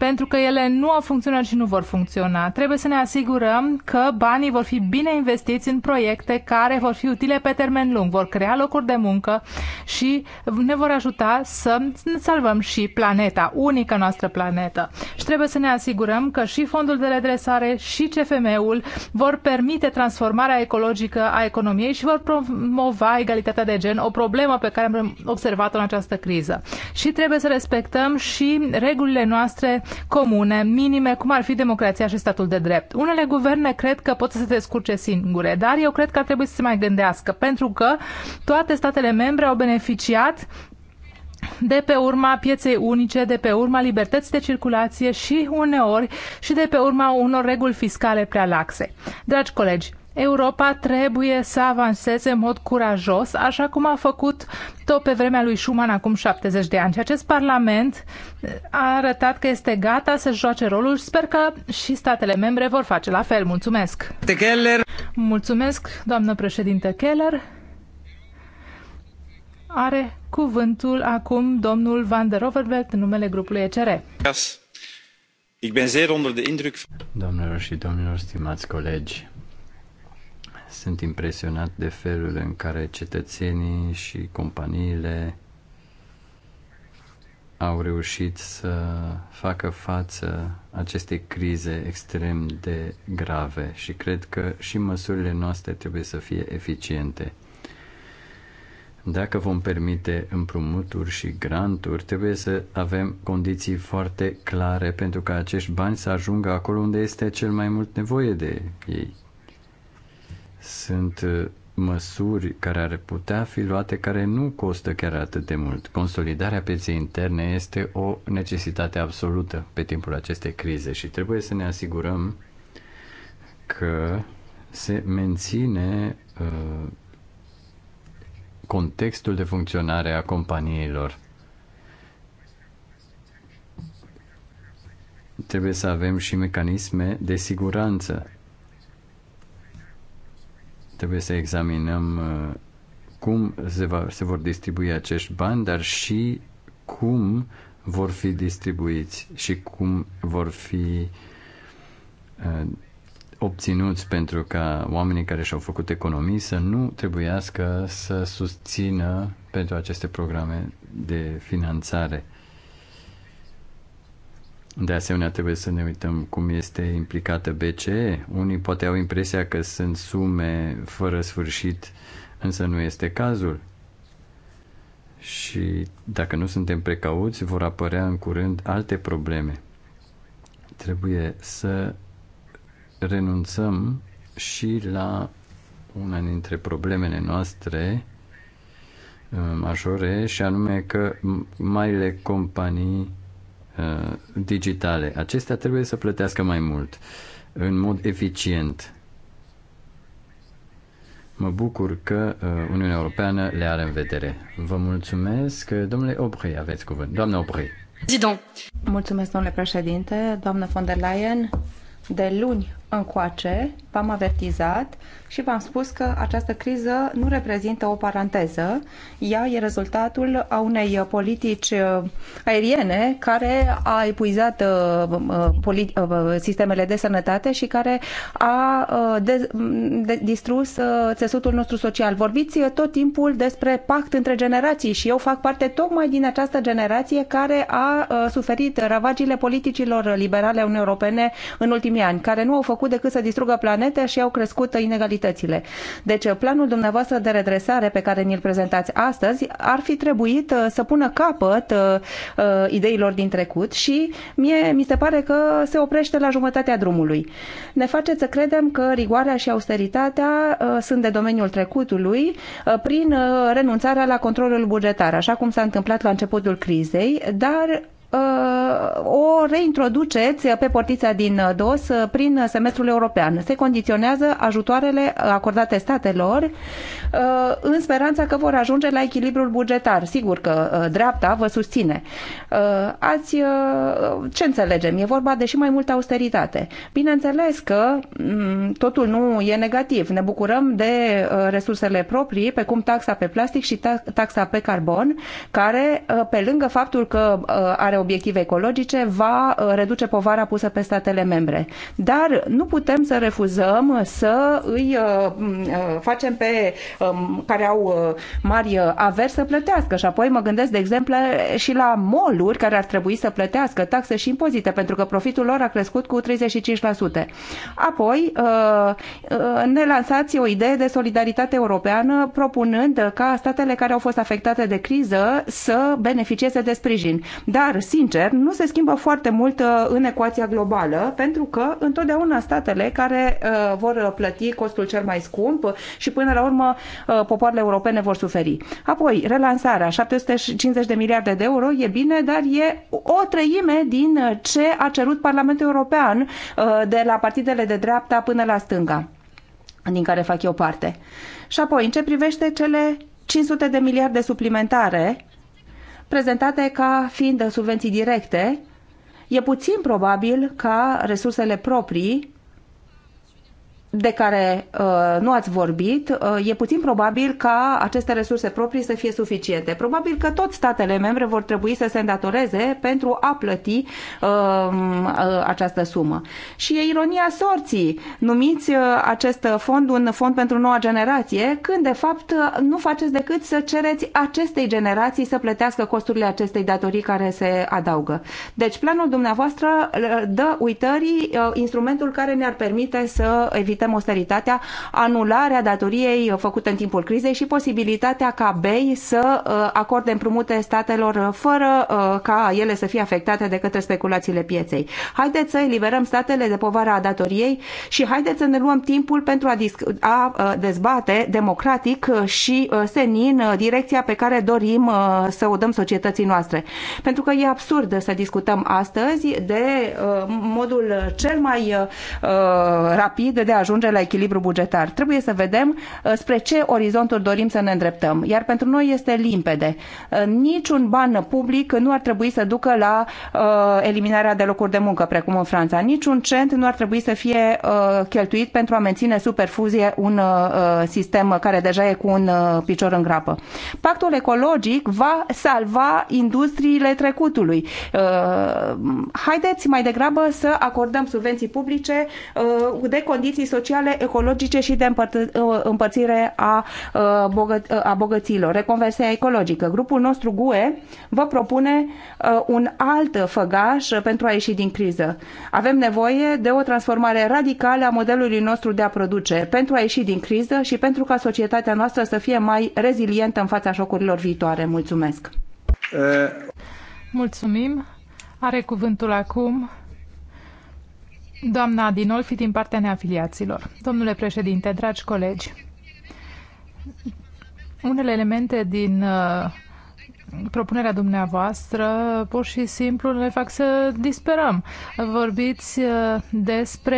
pentru că ele nu au funcționat și nu vor funcționa. Trebuie să ne asigurăm că banii vor fi bine investiți în proiecte care vor fi utile pe termen lung, vor crea locuri de muncă și ne vor ajuta să salvăm și planeta, unica noastră planetă. Și trebuie să ne asigurăm că și fondul de redresare și CFM-ul vor permite transformarea ecologică a economiei și vor promova egalitatea de gen, o problemă pe care am observat-o în această criză. Și trebuie să respectăm și regulile noastre comune, minime, cum ar fi democrația și statul de drept. Unele guverne cred că pot să se descurce singure, dar eu cred că ar trebui să se mai gândească, pentru că toate statele membre au beneficiat de pe urma pieței unice, de pe urma libertății de circulație și uneori și de pe urma unor reguli fiscale prea laxe. Dragi colegi, Europa trebuie să avanseze în mod curajos, așa cum a făcut tot pe vremea lui Schuman acum 70 de ani. Și acest Parlament eh, a arătat că este gata să joace rolul și sper că și statele membre vor face la fel. Mulțumesc! Keller. Mulțumesc, doamnă președinte Keller. Are cuvântul acum domnul Van der Overveld în numele grupului ECR. Yes. Ik ben zeer onder de indruk. Domnilor și domnilor, stimați colegi, sunt impresionat de felul în care cetățenii și companiile au reușit să facă față acestei crize extrem de grave și cred că și măsurile noastre trebuie să fie eficiente. Dacă vom permite împrumuturi și granturi, trebuie să avem condiții foarte clare pentru ca acești bani să ajungă acolo unde este cel mai mult nevoie de ei. Sunt uh, măsuri care ar putea fi luate care nu costă chiar atât de mult. Consolidarea pieței interne este o necesitate absolută pe timpul acestei crize și trebuie să ne asigurăm că se menține uh, contextul de funcționare a companiilor. Trebuie să avem și mecanisme de siguranță Trebuie să examinăm uh, cum se, va, se vor distribui acești bani, dar și cum vor fi distribuiți și cum vor fi uh, obținuți pentru ca oamenii care și-au făcut economii să nu trebuiască să susțină pentru aceste programe de finanțare. De asemenea, trebuie să ne uităm cum este implicată BCE. Unii poate au impresia că sunt sume fără sfârșit, însă nu este cazul. Și dacă nu suntem precauți, vor apărea în curând alte probleme. Trebuie să renunțăm și la una dintre problemele noastre uh, majore, și anume că marile companii Uh, digitale. Acestea trebuie să plătească mai mult, în mod eficient. Mă bucur că uh, Uniunea Europeană le are în vedere. Vă mulțumesc. Domnule Obrei, aveți cuvânt. Doamna Obrei. Mulțumesc, domnule președinte, doamnă von der Leyen. De luni încoace v-am avertizat și v-am spus că această criză nu reprezintă o paranteză. Ea e rezultatul a unei politici uh, aeriene care a epuizat uh, uh, sistemele de sănătate și care a mm, distrus țesutul nostru social. Vorbiți tot timpul despre pact între generații și eu fac parte tocmai din această generație care a suferit ravagile politicilor liberale Uniunii Europene în ultimii ani, care nu au făcut făcut decât să distrugă planeta și au crescut inegalitățile. Deci planul dumneavoastră de redresare pe care ni-l prezentați astăzi ar fi trebuit uh, să pună capăt uh, uh, ideilor din trecut și mie mi se pare că se oprește la jumătatea drumului. Ne face să credem că rigoarea și austeritatea sunt de domeniul trecutului prin renunțarea la controlul bugetar, așa cum s-a întâmplat la începutul crizei, dar o reintroduceți pe portița din DOS prin semestrul european. Se condiționează ajutoarele acordate statelor uh, în speranța că vor ajunge la echilibrul bugetar. Sigur că uh, dreapta vă susține. Uh, ați, ce înțelegem? E vorba de și mai multă austeritate. Bineînțeles că mm, totul nu e negativ. Ne bucurăm de resursele proprii, pe cum taxa pe plastic și taxa pe carbon, care, pe lângă faptul că are obiective ecologice va uh, reduce povara pusă pe statele membre. Dar nu putem să refuzăm să îi uh, uh, facem pe um, care au mari averi să plătească. Și apoi mă gândesc, de exemplu, și la moluri care ar trebui să plătească taxe și impozite, pentru că profitul lor a crescut cu 35%. Apoi ne lansați o idee de solidaritate europeană propunând ca statele care au fost afectate de criză să beneficieze de sprijin. Dar sincer, nu se schimbă foarte mult uh, în ecuația globală, pentru că întotdeauna statele care uh, vor plăti costul cel mai scump și până la urmă uh, popoarele europene vor suferi. Apoi, relansarea, 750 de miliarde de euro, e bine, dar e o treime din ce a cerut Parlamentul European de la partidele de dreapta până la stânga, din care fac eu parte. Și apoi, în ce privește cele 500 de miliarde suplimentare prezentate ca fiind subvenții directe, e puțin probabil ca resursele proprii de care uh, nu ați vorbit, uh, e puțin probabil ca aceste resurse proprii să fie suficiente. Probabil că toți statele membre vor trebui să se îndatoreze pentru a plăti uh, uh această sumă. Și e ironia sorții. Numiți uh, acest fond un fond pentru noua generație, când de fapt uh, nu faceți decât să cereți acestei generații să plătească costurile acestei datorii care se adaugă. Deci planul dumneavoastră uh, dă uitării uh, instrumentul care ne-ar permite să evităm solicităm austeritatea, anularea datoriei făcute în timpul crizei și posibilitatea ca BEI să uh, acorde împrumute statelor uh, fără uh, ca ele să fie afectate de către speculațiile pieței. Haideți să eliberăm statele de povara datoriei și haideți să ne luăm timpul pentru a, a dezbate democratic și senin direcția pe care dorim să o dăm societății noastre. Pentru că e absurd să discutăm astăzi de modul cel mai rapid de a ajunge ajunge la echilibru bugetar. Trebuie să vedem uh, spre ce orizonturi dorim să ne îndreptăm. Iar pentru noi este limpede. Uh, niciun ban public nu ar trebui să ducă la uh, eliminarea de locuri de muncă, precum în Franța. Niciun cent nu ar trebui să fie cheltuit pentru a menține superfuzie un sistem care deja e cu un picior în grapă. Pactul ecologic va salva industriile trecutului. Haideți mai degrabă să acordăm subvenții publice de condiții sociale sociale, ecologice și de uh, împărțire a, uh, uh, a bogăților, reconversia ecologică. Grupul nostru GUE vă propune un alt făgaș pentru a ieși din criză. Avem nevoie de o transformare radicală a modelului nostru de a produce pentru a ieși din criză și pentru ca societatea noastră să fie mai rezilientă în fața șocurilor viitoare. Mulțumesc! Mulțumim! Are cuvântul acum Doamna Adinolfi, din partea neafiliaților. Domnule președinte, dragi colegi, unele elemente din uh, propunerea dumneavoastră pur și simplu ne fac să disperăm. Vorbiți uh, despre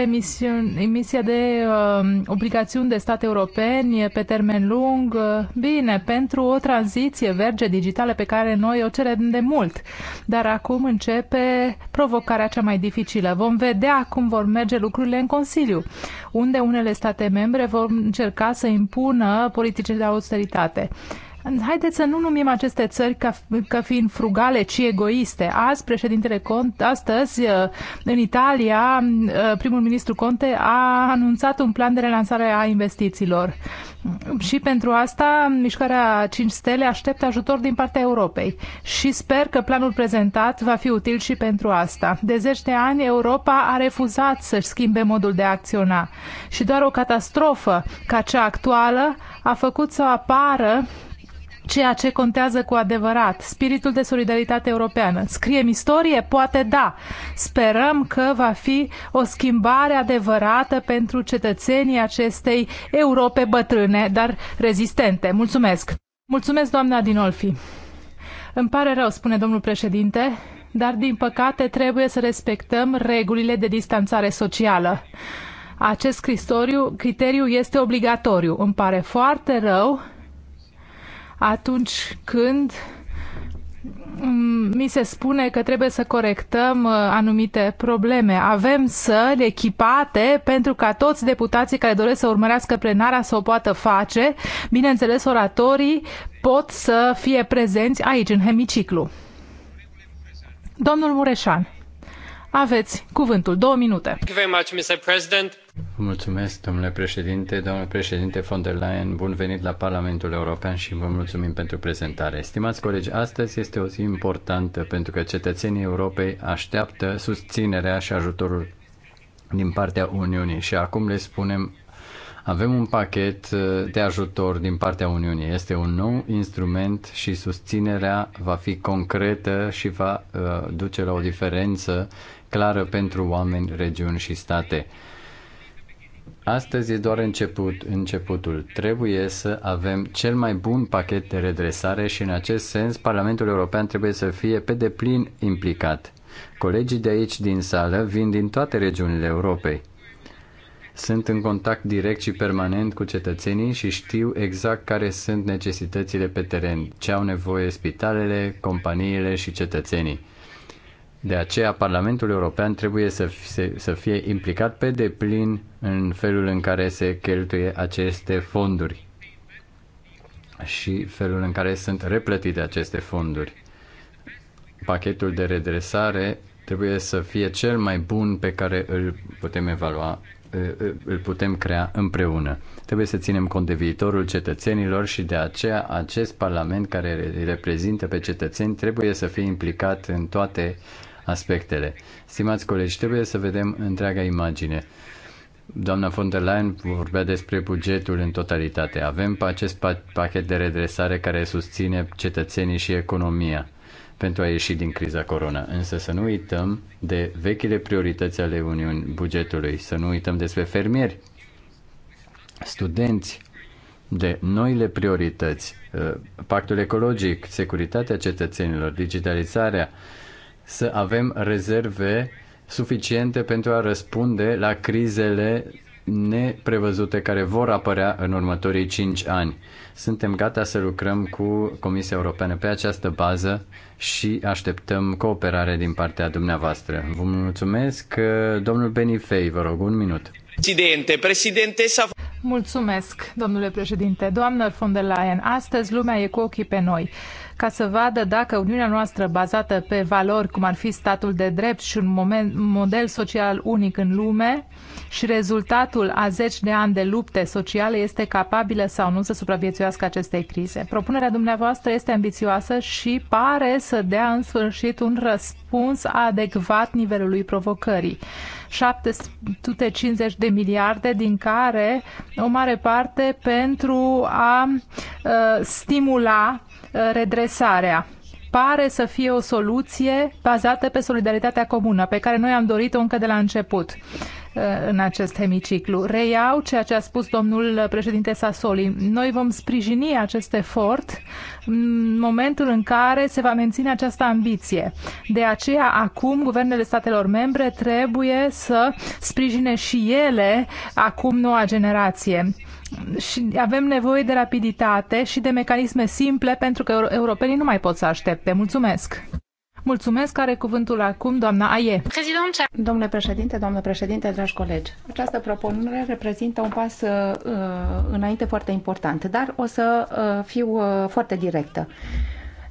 emisia de uh, obligațiuni de stat europeni pe termen lung. Uh, bine, pentru o tranziție verge digitală pe care noi o cerem de mult. Dar acum începe provocarea cea mai dificilă. Vom vedea cum vor merge lucrurile în Consiliu, unde unele state membre vor încerca să impună politice de austeritate. Haideți să nu numim aceste țări ca, ca fiind frugale, ci egoiste. Azi, președintele Conte, astăzi, uh, în Italia, uh, primul ministru Conte a anunțat un plan de relansare a investițiilor. Și pentru asta, mișcarea 5 stele așteaptă ajutor din partea Europei. Și sper că planul prezentat va fi util și pentru asta. De zeci de ani, Europa a refuzat să-și schimbe modul de a acționa. Și doar o catastrofă ca cea actuală a făcut să apară ceea ce contează cu adevărat, spiritul de solidaritate europeană. Scriem istorie? Poate da. Sperăm că va fi o schimbare adevărată pentru cetățenii acestei Europe bătrâne, dar rezistente. Mulțumesc! Mulțumesc, doamna Dinolfi! Îmi pare rău, spune domnul președinte, dar din păcate trebuie să respectăm regulile de distanțare socială. Acest criteriu este obligatoriu. Îmi pare foarte rău atunci când mm, mi se spune că trebuie să corectăm uh, anumite probleme. Avem săli echipate pentru ca toți deputații care doresc să urmărească plenara să o poată face. Bineînțeles, oratorii pot să fie prezenți aici, în hemiciclu. Domnul Mureșan. Aveți cuvântul. Două minute. Mulțumesc, domnule președinte. Domnule președinte von der Leyen, bun venit la Parlamentul European și vă mulțumim pentru prezentare. Stimați colegi, astăzi este o zi importantă pentru că cetățenii Europei așteaptă susținerea și ajutorul din partea Uniunii și acum le spunem avem un pachet uh, de ajutor din partea Uniunii. Este un nou instrument și susținerea va fi concretă și va uh, duce la o diferență clară pentru oameni, regiuni și state. Astăzi e doar început, începutul. Trebuie să avem cel mai bun pachet de redresare și în acest sens Parlamentul European trebuie să fie pe deplin implicat. Colegii de aici din sală vin din toate regiunile Europei. Sunt în contact direct și permanent cu cetățenii și știu exact care sunt necesitățile pe teren, ce au nevoie spitalele, companiile și cetățenii. De aceea, Parlamentul European trebuie să, să fie implicat pe deplin în felul în care se cheltuie aceste fonduri și felul în care sunt replătite aceste fonduri. Pachetul de redresare trebuie să fie cel mai bun pe care îl putem evalua, îl putem crea împreună. Trebuie să ținem cont de viitorul cetățenilor și de aceea acest parlament care îi reprezintă pe cetățeni trebuie să fie implicat în toate aspectele. Stimați colegi, trebuie să vedem întreaga imagine. Doamna von der Leyen vorbea despre bugetul în totalitate. Avem acest pachet de redresare care susține cetățenii și economia pentru a ieși din criza corona. Însă să nu uităm de vechile priorități ale Uniunii bugetului, să nu uităm despre fermieri, studenți, de noile priorități, uh, pactul ecologic, securitatea cetățenilor, digitalizarea, să avem rezerve suficiente pentru a răspunde la crizele neprevăzute care vor apărea în următorii 5 ani. Suntem gata să lucrăm cu Comisia Europeană pe această bază și așteptăm cooperare din partea dumneavoastră. Vă mulțumesc. Domnul Benifei, vă rog, un minut. Presidente, presidente Mulțumesc, domnule președinte. Doamnă von der Leyen, astăzi lumea e cu ochii pe noi ca să vadă dacă Uniunea noastră bazată pe valori, cum ar fi statul de drept și un moment, model social unic în lume și rezultatul a zeci de ani de lupte sociale este capabilă sau nu să supraviețuiască acestei crize. Propunerea dumneavoastră este ambițioasă și pare să dea în sfârșit un răspuns adecvat nivelului provocării. 750 de miliarde, din care o mare parte pentru a uh, stimula redresarea pare să fie o soluție bazată pe solidaritatea comună, pe care noi am dorit-o încă de la început uh, în acest hemiciclu. Reiau ceea ce a spus domnul președinte Sassoli. Noi vom sprijini acest efort în momentul în care se va menține această ambiție. De aceea, acum, guvernele statelor membre trebuie să sprijine și ele acum noua generație și avem nevoie de rapiditate și de mecanisme simple pentru că europenii nu mai pot să aștepte. Mulțumesc! Mulțumesc, are cuvântul acum doamna Aie. Președinte. Domnule președinte, doamnă președinte, dragi colegi, această propunere reprezintă un pas uh, uh, înainte foarte important, dar o să uh, fiu uh, foarte directă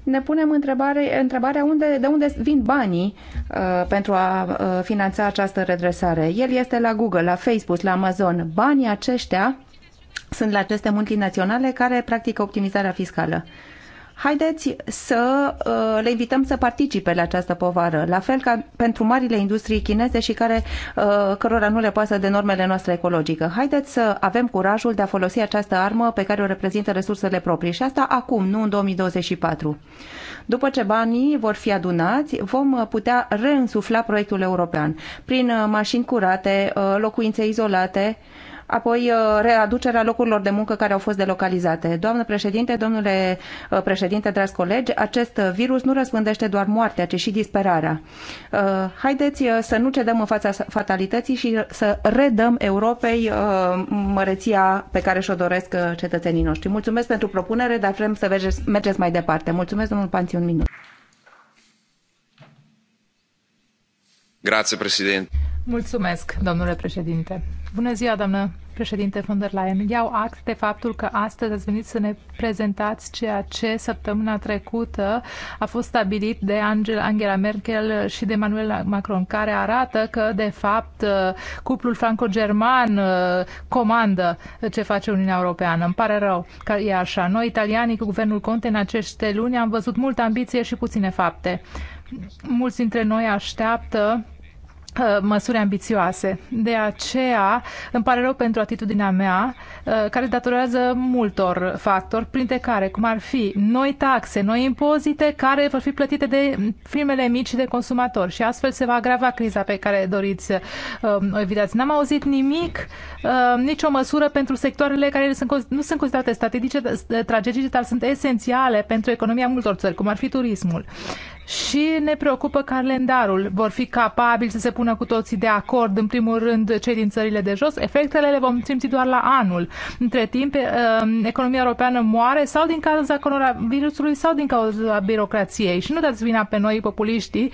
ne punem întrebare, întrebarea unde, de unde vin banii uh, pentru a uh, finanța această redresare. El este la Google, la Facebook, la Amazon. Banii aceștia sunt la aceste multinaționale care practică optimizarea fiscală. Haideți să uh, le invităm să participe la această povară, la fel ca pentru marile industrii chineze și care, uh, cărora nu le pasă de normele noastre ecologice. Haideți să avem curajul de a folosi această armă pe care o reprezintă resursele proprii și asta acum, nu în 2024. După ce banii vor fi adunați, vom putea reînsufla proiectul european prin uh, mașini curate, locuințe izolate, apoi uh, readucerea locurilor de muncă care au fost delocalizate. Doamnă președinte, domnule uh, președinte, dragi colegi, acest uh, virus nu răspândește doar moartea, ci și disperarea. Haideți să nu cedăm în fața fatalității și să redăm Europei măreția pe care și-o doresc cetățenii noștri. Mulțumesc pentru propunere, dar vrem să mergeți mai departe. Mulțumesc, domnul Panțiu, un minut. Grazie, Mulțumesc, domnule președinte. Bună ziua, doamnă președinte von der Leyen. Iau act de faptul că astăzi ați venit să ne prezentați ceea ce săptămâna trecută a fost stabilit de Angela Merkel și de Emmanuel Macron, care arată că, de fapt, cuplul franco-german uh, comandă ce face Uniunea Europeană. Îmi pare rău că e așa. Noi, italianii, cu guvernul Conte, în aceste luni am văzut multă ambiție și puține fapte. Mulți dintre noi așteaptă Uh, măsuri ambițioase. De aceea, îmi pare rău pentru atitudinea mea, uh, care datorează multor factori, printre care, cum ar fi noi taxe, noi impozite, care vor fi plătite de firmele mici și de consumatori. Și astfel se va agrava criza pe care doriți um, o evitați. N-am auzit nimic, uh, nicio măsură pentru sectoarele care nu sunt considerate strategice, strategice, dar sunt esențiale pentru economia multor țări, cum ar fi turismul și ne preocupă calendarul. Vor fi capabili să se pună cu toții de acord, în primul rând cei din țările de jos. Efectele le vom simți doar la anul. Între timp, eh, economia europeană moare sau din cauza coronavirusului sau din cauza birocrației. Și nu dați vina pe noi, populiștii,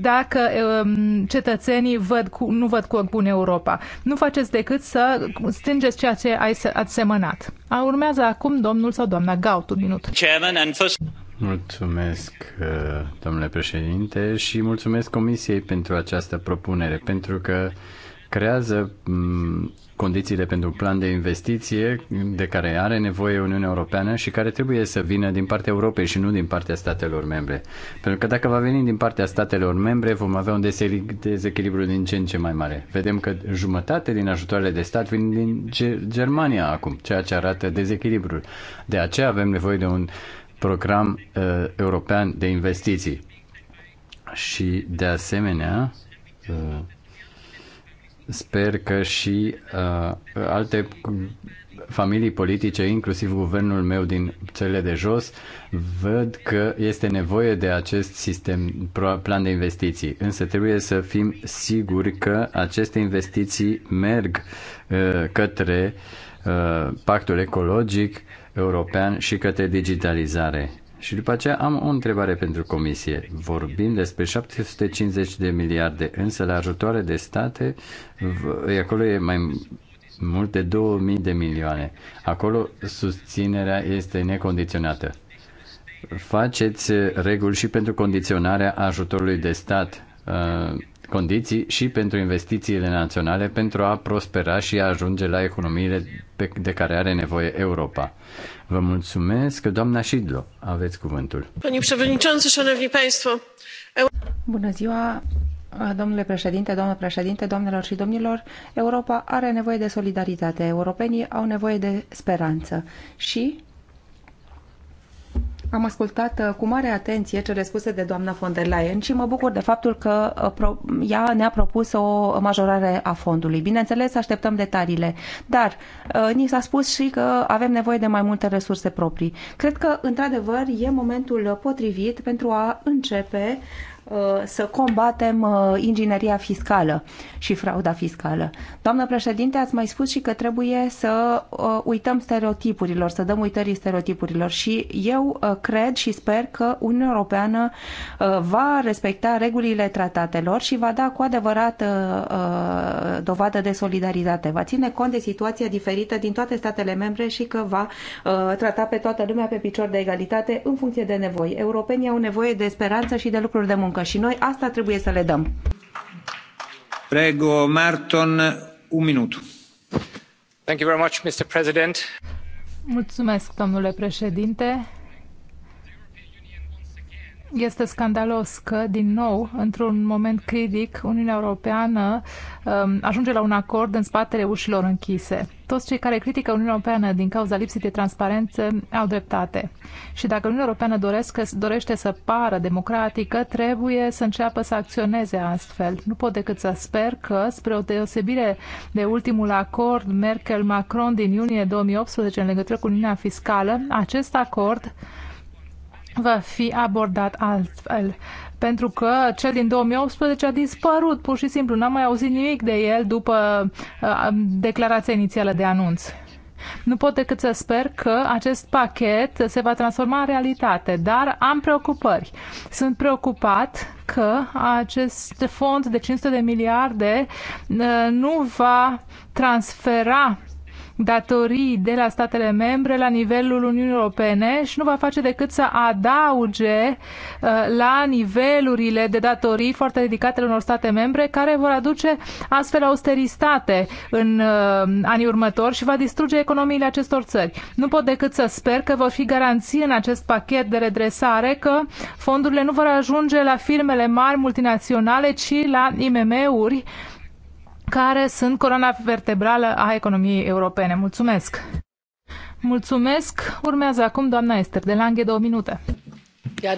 dacă eh, cetățenii văd cu, nu văd cu bun Europa. Nu faceți decât să strângeți ceea ce ați semănat. Urmează acum domnul sau doamna Gautu, minut. Chairman and first... Mulțumesc, uh, domnule președinte, și mulțumesc Comisiei pentru această propunere, pentru că creează mm, condițiile pentru un plan de investiție de care are nevoie Uniunea Europeană și care trebuie să vină din partea Europei și nu din partea statelor membre. Pentru că dacă va veni din partea statelor membre, vom avea un dezechilibru din ce în ce mai mare. Vedem că jumătate din ajutoarele de stat vin din Germania acum, ceea ce arată dezechilibrul. De aceea avem nevoie de un program uh, european de investiții. Și, de asemenea, uh, sper că și uh, alte familii politice, inclusiv guvernul meu din cele de jos, văd că este nevoie de acest sistem, plan de investiții. Însă trebuie să fim siguri că aceste investiții merg uh, către uh, pactul ecologic, uh, european și către digitalizare. Și după aceea am o întrebare pentru Comisie. Vorbim despre 750 de miliarde, însă la ajutoare de state, acolo e mai mult de 2000 de milioane. Acolo susținerea este necondiționată. Faceți reguli și pentru condiționarea ajutorului de stat, uh, condiții și pentru investițiile naționale pentru a prospera și a ajunge la economiile pe, de care are nevoie Europa. Vă mulțumesc, doamna Șidlo, aveți cuvântul. Bună ziua, Domnule președinte, doamnă președinte, domnilor și domnilor, Europa are nevoie de solidaritate. Europenii au nevoie de speranță și am ascultat uh, cu mare atenție cele spuse de doamna von der Leyen și mă bucur de faptul că uh, ea ne-a propus o majorare a fondului. Bineînțeles, așteptăm detaliile, dar uh, ni s-a spus și că avem nevoie de mai multe resurse proprii. Cred că, într-adevăr, e momentul potrivit pentru a începe Uh, să combatem uh, ingineria fiscală și frauda fiscală. Doamnă președinte, ați mai spus și că trebuie să uh, uităm stereotipurilor, să dăm uitării stereotipurilor și eu cred și sper că Uniunea Europeană va respecta regulile tratatelor și va da cu adevărat dovadă de solidaritate. Va ține cont de situația diferită din toate statele membre și că va trata pe toată lumea pe picior de egalitate în funcție de nevoi. Europenii au nevoie de speranță și de lucruri de muncă muncă și noi asta trebuie să le dăm. Prego, Marton, un minut. Thank you very much, Mr. President. Mulțumesc, domnule președinte. Este scandalos că, din nou, într-un moment critic, Uniunea Europeană um, ajunge la un acord în spatele ușilor închise. Toți cei care critică Uniunea Europeană din cauza lipsei de transparență au dreptate. Și dacă Uniunea Europeană doresc, dorește să pară democratică, trebuie să înceapă să acționeze astfel. Nu pot decât să sper că, spre o deosebire de ultimul acord Merkel-Macron din iunie 2018 în legătură cu Uniunea Fiscală, acest acord va fi abordat altfel. Pentru că cel din 2018 a dispărut, pur și simplu, n-am mai auzit nimic de el după uh, declarația inițială de anunț. Nu pot decât să sper că acest pachet se va transforma în realitate, dar am preocupări. Sunt preocupat că acest fond de 500 de miliarde uh, nu va transfera datorii de la statele membre la nivelul Uniunii Europene și nu va face decât să adauge uh, la nivelurile de datorii foarte ridicate unor state membre care vor aduce astfel austeritate în uh, anii următori și va distruge economiile acestor țări. Nu pot decât să sper că vor fi garanții în acest pachet de redresare că fondurile nu vor ajunge la firmele mari multinaționale, ci la IMM-uri care sunt coloana vertebrală a economiei europene. Mulțumesc! Mulțumesc! Urmează acum doamna Ester de Lange, două minute. Eh,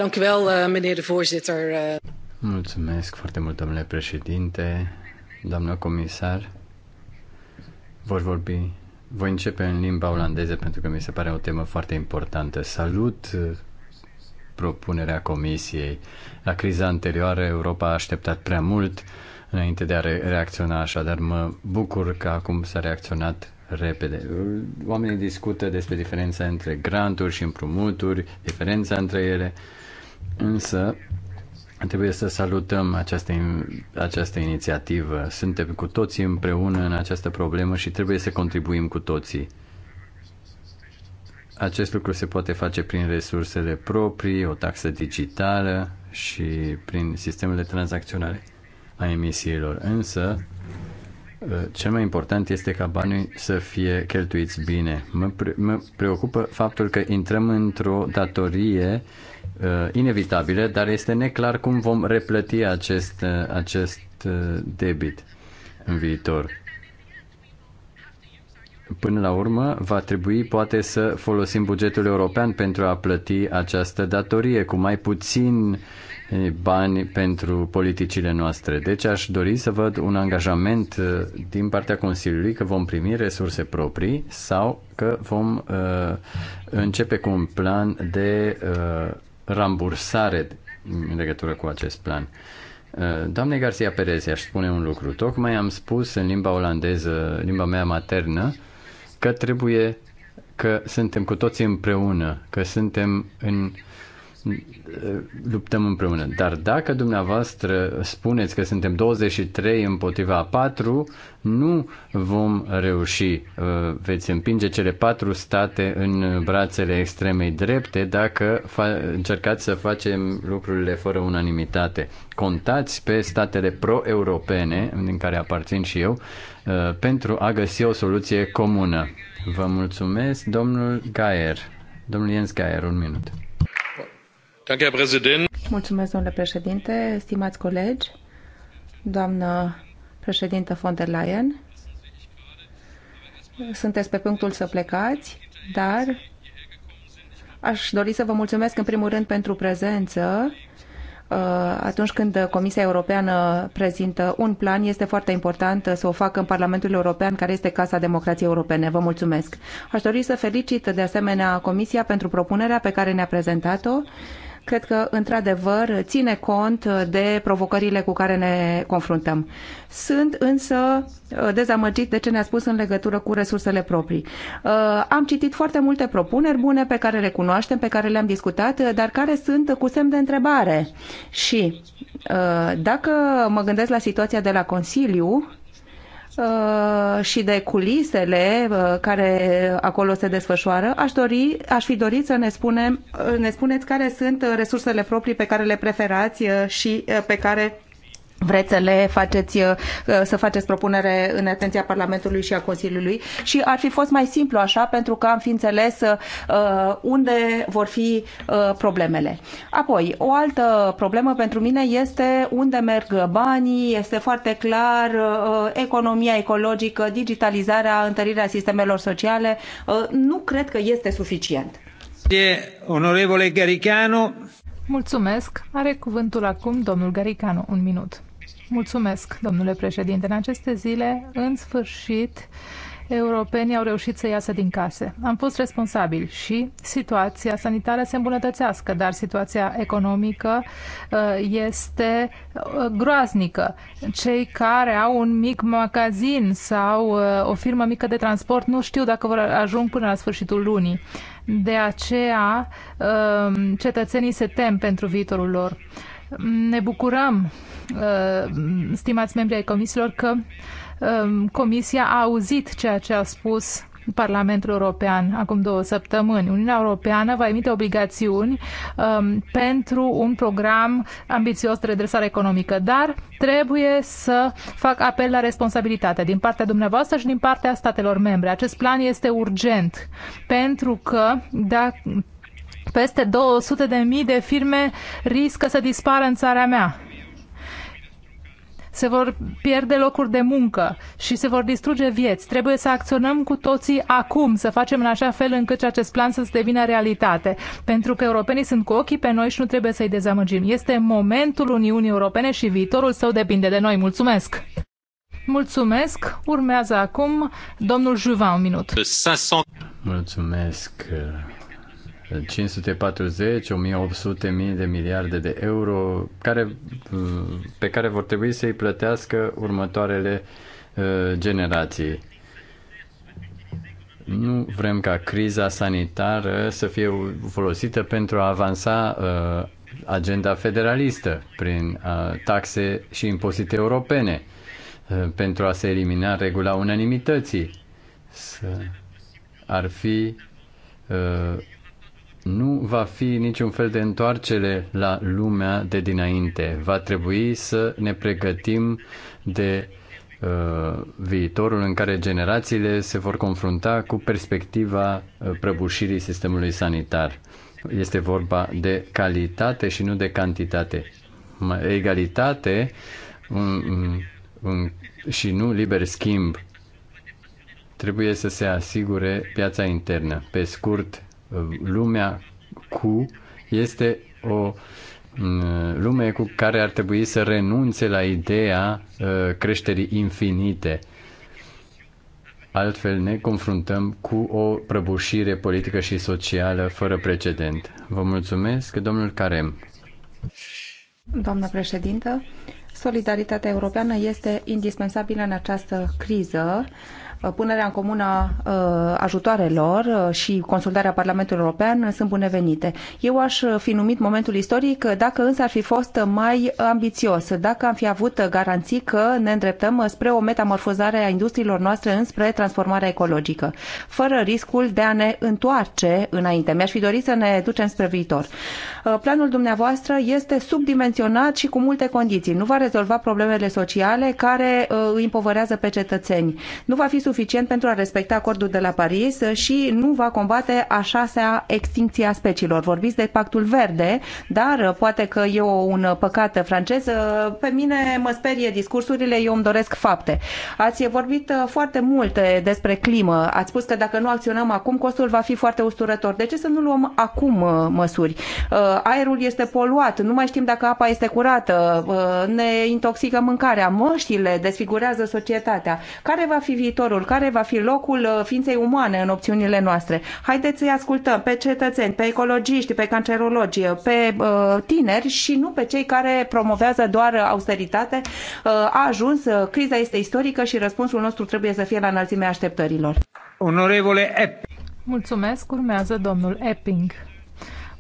eh. Mulțumesc foarte mult, domnule președinte, doamnă comisar. Vor vorbi voi începe în limba olandeză pentru că mi se pare o temă foarte importantă. Salut eh, propunerea Comisiei. La criza anterioară Europa a așteptat prea mult înainte de a reacționa așa, dar mă bucur că acum s-a reacționat repede. Oamenii discută despre diferența între granturi și împrumuturi, diferența între ele, însă trebuie să salutăm această, această inițiativă. Suntem cu toții împreună în această problemă și trebuie să contribuim cu toții. Acest lucru se poate face prin resursele proprii, o taxă digitală și prin sistemele tranzacționale a emisiilor. Însă, ă, cel mai important este ca banii să fie cheltuiți bine. Mă, pre- mă preocupă faptul că intrăm într-o datorie uh, inevitabilă, dar este neclar cum vom replăti acest, uh, acest uh, debit în viitor. Până la urmă, va trebui poate să folosim bugetul european pentru a plăti această datorie cu mai puțin uh, bani pentru politicile noastre. Deci aș dori să văd un angajament uh, din partea Consiliului că vom primi resurse proprii sau că vom uh, începe cu un plan de uh, rambursare în legătură cu acest plan. Uh, doamne Garcia Perez, aș spune un lucru. Tocmai am spus în limba olandeză, limba mea maternă, că trebuie că suntem cu toții împreună, că suntem în Mm, luptăm împreună. Dar dacă dumneavoastră spuneți că suntem 23 împotriva 4, nu vom reuși. Uh, veți împinge cele patru state în brațele extremei drepte dacă încercați să facem lucrurile fără unanimitate. Contați pe statele pro-europene, din care aparțin și eu, uh, pentru a găsi o soluție comună. Vă mulțumesc, domnul Gaier. Domnul Jens Gaier, un minut. Mulțumesc, domnule președinte, stimați colegi, doamnă președintă von der Leyen. Sunteți pe punctul să plecați, dar aș dori să vă mulțumesc în primul rând pentru prezență uh, atunci când Comisia Europeană prezintă un plan, este foarte important să o facă în Parlamentul European, care este Casa Democrației Europene. Vă mulțumesc. Aș dori să felicit de asemenea Comisia pentru propunerea pe care ne-a prezentat-o cred că, într-adevăr, ține cont de provocările cu care ne confruntăm. Sunt însă uh, dezamăgit de ce ne-a spus în legătură cu resursele proprii. Uh, am citit foarte multe propuneri bune pe care le cunoaștem, pe care le-am discutat, uh, dar care sunt cu semn de întrebare. Și dacă mă gândesc la situația de la Consiliu, Uh, și de culisele uh, care acolo se desfășoară, aș, dori, aș fi dorit să ne, spunem, uh, ne spuneți care sunt resursele proprii pe care le preferați și pe care vreți să le faceți, uh, să faceți propunere în atenția Parlamentului și a Consiliului și ar fi fost mai simplu așa pentru că am fi înțeles uh, unde vor fi uh, problemele. Apoi, o altă problemă pentru mine este unde merg banii, este foarte clar economia ecologică, digitalizarea, întărirea sistemelor sociale, nu cred că este suficient. Onorevole Garicano. Mulțumesc. Are cuvântul acum domnul Garicano. Un minut. Mulțumesc, domnule președinte. În aceste zile, în sfârșit, europenii au reușit să iasă din case. Am fost responsabili și situația sanitară se îmbunătățească, dar situația economică uh, este uh, groaznică. Cei care au un mic magazin sau uh, o firmă mică de transport nu știu dacă vor ajung până la sfârșitul lunii. De aceea, cetățenii se tem pentru viitorul lor ne bucurăm, uh, stimați membri ai comisiilor, că um, Comisia a auzit ceea ce a spus Parlamentul European acum două săptămâni. Uniunea Europeană va emite obligațiuni um, pentru un program ambițios de redresare economică, dar trebuie să fac apel la responsabilitate din partea dumneavoastră și din partea statelor membre. Acest plan este urgent pentru că dacă peste 200.000 de, firme riscă să dispară în țara mea se vor pierde locuri de muncă și se vor distruge vieți. Trebuie să acționăm cu toții acum, să facem în așa fel încât acest plan să devină realitate, pentru că europenii sunt cu ochii pe noi și nu trebuie să-i dezamăgim. Este momentul Uniunii Europene și viitorul său depinde de noi. Mulțumesc! Mulțumesc! Urmează acum domnul Juvan un minut. Mulțumesc! 540, 1800 mii de miliarde de euro care, pe care vor trebui să-i plătească următoarele uh, generații. Nu vrem ca criza sanitară să fie folosită pentru a avansa uh, agenda federalistă prin uh, taxe și impozite europene, pentru a se elimina regula unanimității. Ar fi nu va fi niciun fel de întoarcere la lumea de dinainte. Va trebui să ne pregătim de uh, viitorul în care generațiile se vor confrunta cu perspectiva uh, prăbușirii sistemului sanitar. Este vorba de calitate și nu de cantitate. Egalitate un, un, un, și nu liber schimb trebuie să se asigure piața internă. Pe scurt, lumea cu este o mm, lume cu care ar trebui să renunțe la ideea uh, creșterii infinite. Altfel ne confruntăm cu o prăbușire politică și socială fără precedent. Vă mulțumesc, domnul Carem. Doamnă președintă, solidaritatea europeană este indispensabilă în această criză Uh, punerea în comună a uh, ajutoarelor uh, și consultarea Parlamentului European sunt binevenite. Eu aș fi numit momentul istoric dacă însă ar fi fost mai ambițios, dacă am fi avut garanții că ne îndreptăm spre o metamorfozare a industriilor noastre înspre transformarea ecologică, fără riscul de a ne întoarce înainte. Mi-aș fi dorit să ne ducem spre viitor planul dumneavoastră este subdimensionat și cu multe condiții. Nu va rezolva problemele sociale care uh, îi împovărează pe cetățeni. Nu va fi suficient pentru a respecta acordul de la Paris și nu va combate a șasea extincție a speciilor. Vorbiți de pactul verde, dar uh, poate că e un păcat francez. Uh, pe mine mă sperie discursurile, eu îmi doresc fapte. Ați vorbit foarte multe despre climă. Ați spus că dacă nu acționăm acum, costul va fi foarte usturător. De ce să nu luăm acum măsuri? aerul este poluat, nu mai știm dacă apa este curată, uh, ne intoxică mâncarea, măștile desfigurează societatea. Care va fi viitorul? Care va fi locul uh, ființei umane în opțiunile noastre? Haideți să-i ascultăm pe cetățeni, pe ecologiști, pe cancerologi, uh, pe tineri și nu pe cei care promovează doar austeritate. A ajuns, criza este istorică și răspunsul nostru trebuie să fie la înălțimea așteptărilor. Onorevole Epping. Mulțumesc, urmează domnul Epping.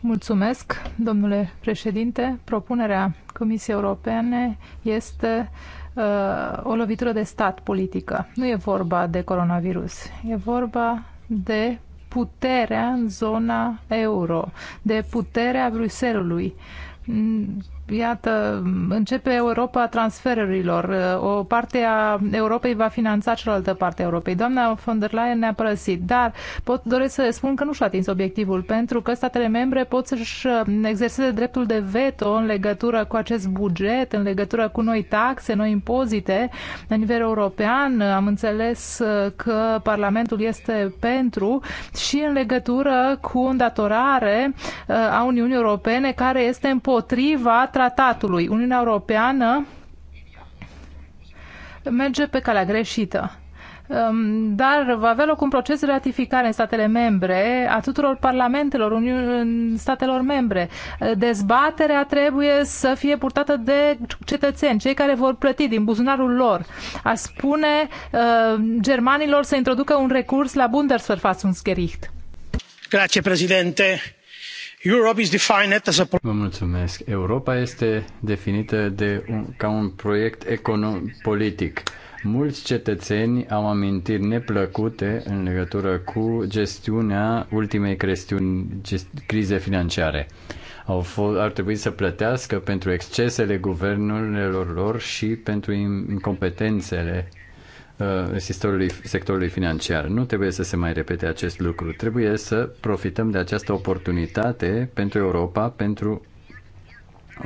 Mulțumesc, domnule președinte. Propunerea Comisiei Europene este uh, o lovitură de stat politică. Nu e vorba de coronavirus, e vorba de puterea în zona euro, de puterea Bruxelului iată, începe Europa transferurilor. O parte a Europei va finanța cealaltă parte a Europei. Doamna von der Leyen ne-a părăsit, dar pot, doresc să spun că nu și-a atins obiectivul, pentru că statele membre pot să-și exerseze dreptul de veto în legătură cu acest buget, în legătură cu noi taxe, noi impozite la nivel european. Am înțeles că Parlamentul este pentru și în legătură cu îndatorare uh, a Uniunii Europene care este împotriva tratatului. Uniunea Europeană merge pe calea greșită um, dar va avea loc un proces de ratificare în statele membre, a tuturor parlamentelor în statelor membre. Dezbaterea trebuie să fie purtată de cetățeni, cei care vor plăti din buzunarul lor. A spune uh, germanilor să introducă un recurs la Bundesverfassungsgericht. Grazie, președinte. Vă mulțumesc. Europa este definită de un, ca un proiect economic politic. Mulți cetățeni au amintiri neplăcute în legătură cu gestiunea ultimei gest, crize financiare. Au fost, ar trebui să plătească pentru excesele guvernelor lor și pentru incompetențele Uh, sectorului, sectorului financiar. Nu trebuie să se mai repete acest lucru. Trebuie să profităm de această oportunitate pentru Europa, pentru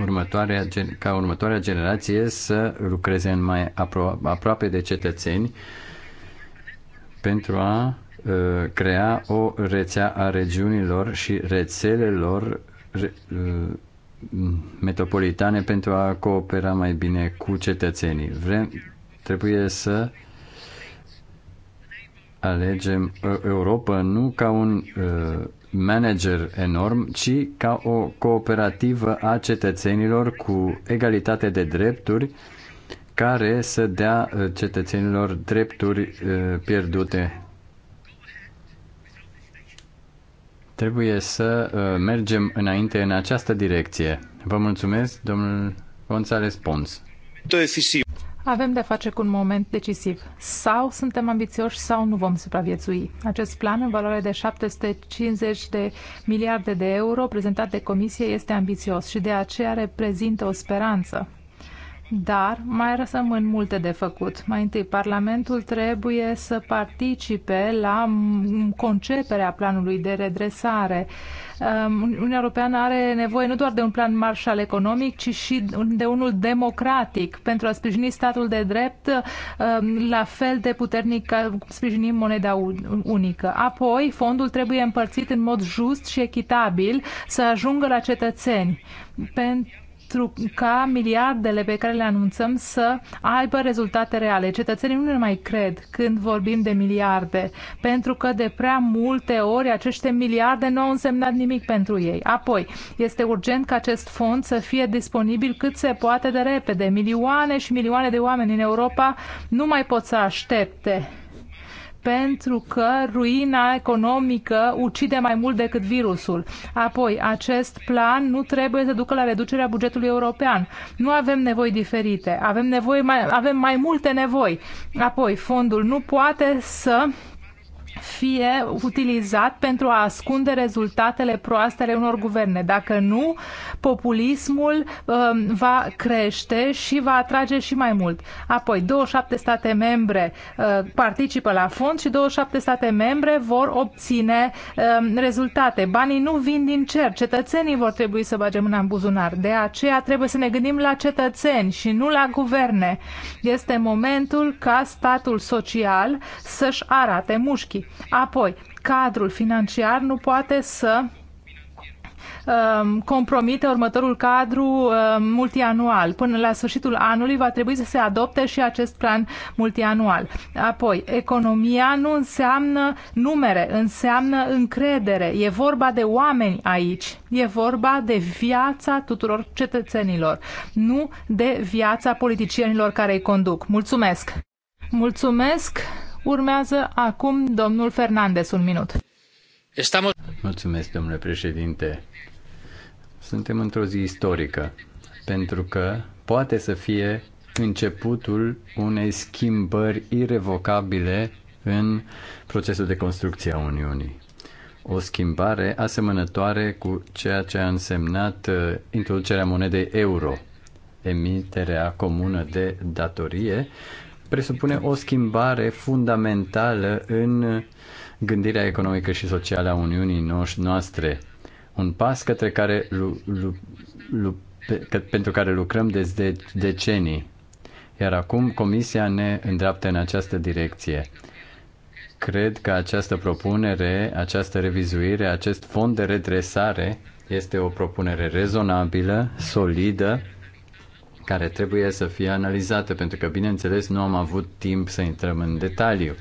următoarea, ca următoarea generație să lucreze în mai apro- aproape de cetățeni pentru a uh, crea o rețea a regiunilor și rețelelor re, uh, metropolitane pentru a coopera mai bine cu cetățenii. Vrem, trebuie să alegem uh, Europa nu ca un uh, manager enorm, ci ca o cooperativă a cetățenilor cu egalitate de drepturi care să dea uh, cetățenilor drepturi pierdute. Trebuie să mergem înainte în această direcție. Vă mulțumesc, domnul González Pons. Avem de-a face cu un moment decisiv. Sau suntem ambițioși sau nu vom supraviețui. Acest plan, în valoare de 750 de miliarde de euro, prezentat de Comisie, este ambițios și de aceea reprezintă o speranță. Dar mai rămân multe de făcut. Mai întâi, Parlamentul trebuie să participe la conceperea planului de redresare. Um, Uniunea Europeană are nevoie nu doar de un plan marșal economic, ci și de unul democratic pentru a sprijini statul de drept um, la fel de puternic ca sprijinim moneda unică. Apoi, fondul trebuie împărțit în mod just și echitabil să ajungă la cetățeni pentru pentru ca miliardele pe care le anunțăm să aibă rezultate reale. Cetățenii nu ne mai cred când vorbim de miliarde, pentru că de prea multe ori aceste miliarde nu au însemnat nimic pentru ei. Apoi, este urgent ca acest fond să fie disponibil cât se poate de repede. Milioane și milioane de oameni în Europa nu mai pot să aștepte pentru că ruina economică ucide mai mult decât virusul. Apoi, acest plan nu trebuie să ducă la reducerea bugetului european. Nu avem nevoi diferite, avem, nevoi mai, avem mai multe nevoi. Apoi, fondul nu poate să fie utilizat pentru a ascunde rezultatele proaste ale unor guverne. Dacă nu, populismul um, va crește și va atrage și mai mult. Apoi, 27 state membre uh, participă la fond și 27 state membre vor obține um, rezultate. Banii nu vin din cer. Cetățenii vor trebui să bage mâna în buzunar. De aceea trebuie să ne gândim la cetățeni și nu la guverne. Este momentul ca statul social să-și arate mușchii. Apoi, cadrul financiar nu poate să um, compromite următorul cadru um, multianual. Până la sfârșitul anului va trebui să se adopte și acest plan multianual. Apoi, economia nu înseamnă numere, înseamnă încredere. E vorba de oameni aici. E vorba de viața tuturor cetățenilor, nu de viața politicienilor care îi conduc. Mulțumesc! Mulțumesc! Urmează acum domnul Fernandez, un minut. Estamos... Mulțumesc, domnule președinte. Suntem într-o zi istorică, pentru că poate să fie începutul unei schimbări irrevocabile în procesul de construcție a Uniunii. O schimbare asemănătoare cu ceea ce a însemnat uh, introducerea monedei euro, emiterea comună de datorie presupune o schimbare fundamentală în gândirea economică și socială a Uniunii noastre. Un pas către care lu, lu, lu, că, pentru care lucrăm de, de decenii. Iar acum Comisia ne îndreaptă în această direcție. Cred că această propunere, această revizuire, acest fond de redresare este o propunere rezonabilă, solidă, care trebuie să fie analizată, pentru că, bineînțeles, nu am avut timp să intrăm în detaliu.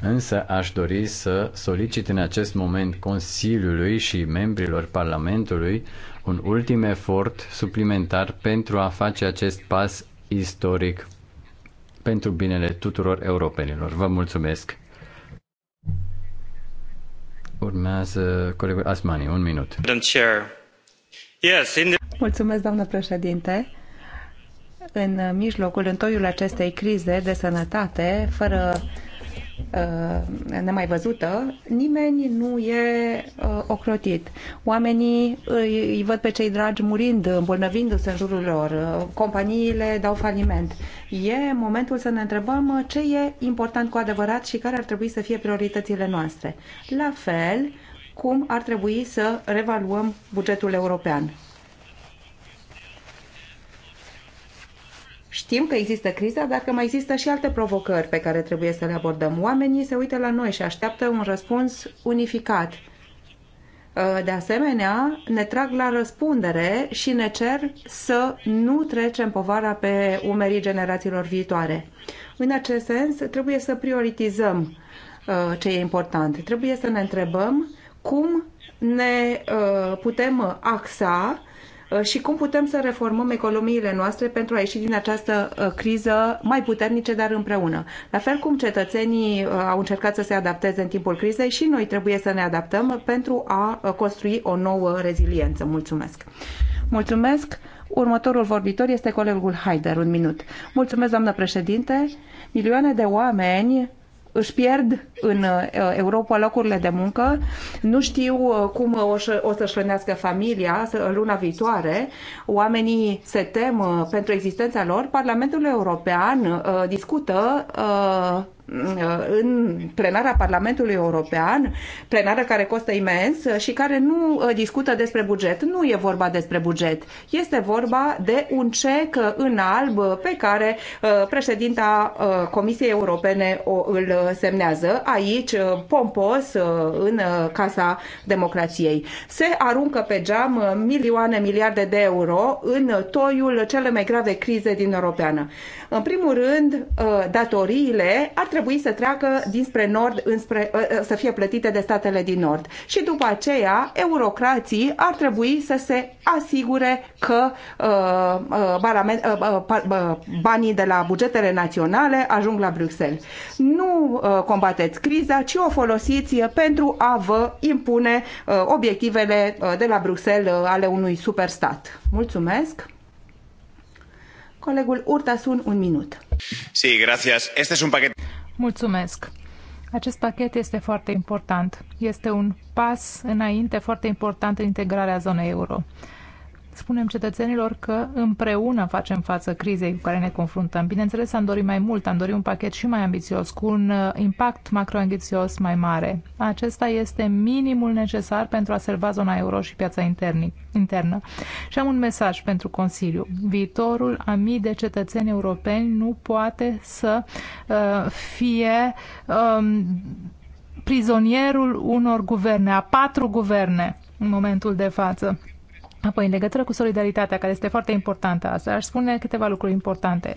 Însă aș dori să solicit în acest moment Consiliului și membrilor Parlamentului un ultim efort suplimentar pentru a face acest pas istoric pentru binele tuturor europenilor. Vă mulțumesc! Urmează colegul Asmani, un minut. Mulțumesc, doamnă președinte în mijlocul, întoiul acestei crize de sănătate, fără uh, nemai văzută, nimeni nu e uh, ocrotit. Oamenii îi, văd pe cei dragi murind, îmbolnăvindu-se în jurul lor, companiile dau faliment. E momentul să ne întrebăm ce e important cu adevărat și care ar trebui să fie prioritățile noastre. La fel, cum ar trebui să revaluăm bugetul european. Știm că există criza, dar că mai există și alte provocări pe care trebuie să le abordăm. Oamenii se uită la noi și așteaptă un răspuns unificat. Uh, de asemenea, ne trag la răspundere și ne cer să nu trecem povara pe umerii generațiilor viitoare. În acest sens, trebuie să prioritizăm uh, ce e important. Trebuie să ne întrebăm cum ne uh, putem axa Uh, și cum putem să reformăm economiile noastre pentru a ieși din această uh, criză mai puternice, dar împreună. La fel cum cetățenii uh, au încercat să se adapteze în timpul crizei și noi trebuie să ne adaptăm pentru a construi o nouă reziliență. Mulțumesc! Mulțumesc! Următorul vorbitor este colegul Haider, un minut. Mulțumesc, doamnă președinte! Milioane de oameni își pierd în uh, Europa locurile de muncă, nu știu uh, cum o să-și hrănească familia luna viitoare, oamenii se tem uh, pentru existența lor, Parlamentul European discută Uh, în plenara Parlamentului European, plenară care costă imens uh, și care nu uh, discută despre buget. Nu e vorba despre buget, este vorba de un cec în alb pe care președinta Comisiei Europene o îl semnează aici, pompos, în Casa Democrației. Se aruncă pe geam milioane, miliarde de euro în toiul cele mai grave crize din Europeană. În primul rând, datoriile ar trebui trebui să treacă dinspre nord înspre, ă, ă, să fie plătite de statele din nord. Și după aceea, eurocrații ar trebui să se asigure că ă, banii de la bugetele naționale ajung la Bruxelles. Nu combateți criza, ci o folosiți pentru a vă impune obiectivele de la Bruxelles ale unui superstat. Mulțumesc! Colegul Urtasun, un minut. Sí, gracias. Este es un pachet... Mulțumesc! Acest pachet este foarte important. Este un pas înainte foarte important în integrarea zonei euro spunem cetățenilor că împreună facem față crizei cu care ne confruntăm. Bineînțeles, am dorit mai mult, am dorit un pachet și mai ambițios, cu un uh, impact macroambițios mai mare. Acesta este minimul necesar pentru a salva zona euro și piața interni, internă. Și am un mesaj pentru Consiliu. Viitorul a mii de cetățeni europeni nu poate să uh, fie um, prizonierul unor guverne, a patru guverne în momentul de față Apoi, în legătură cu solidaritatea, care este foarte importantă asta, aș spune câteva lucruri importante.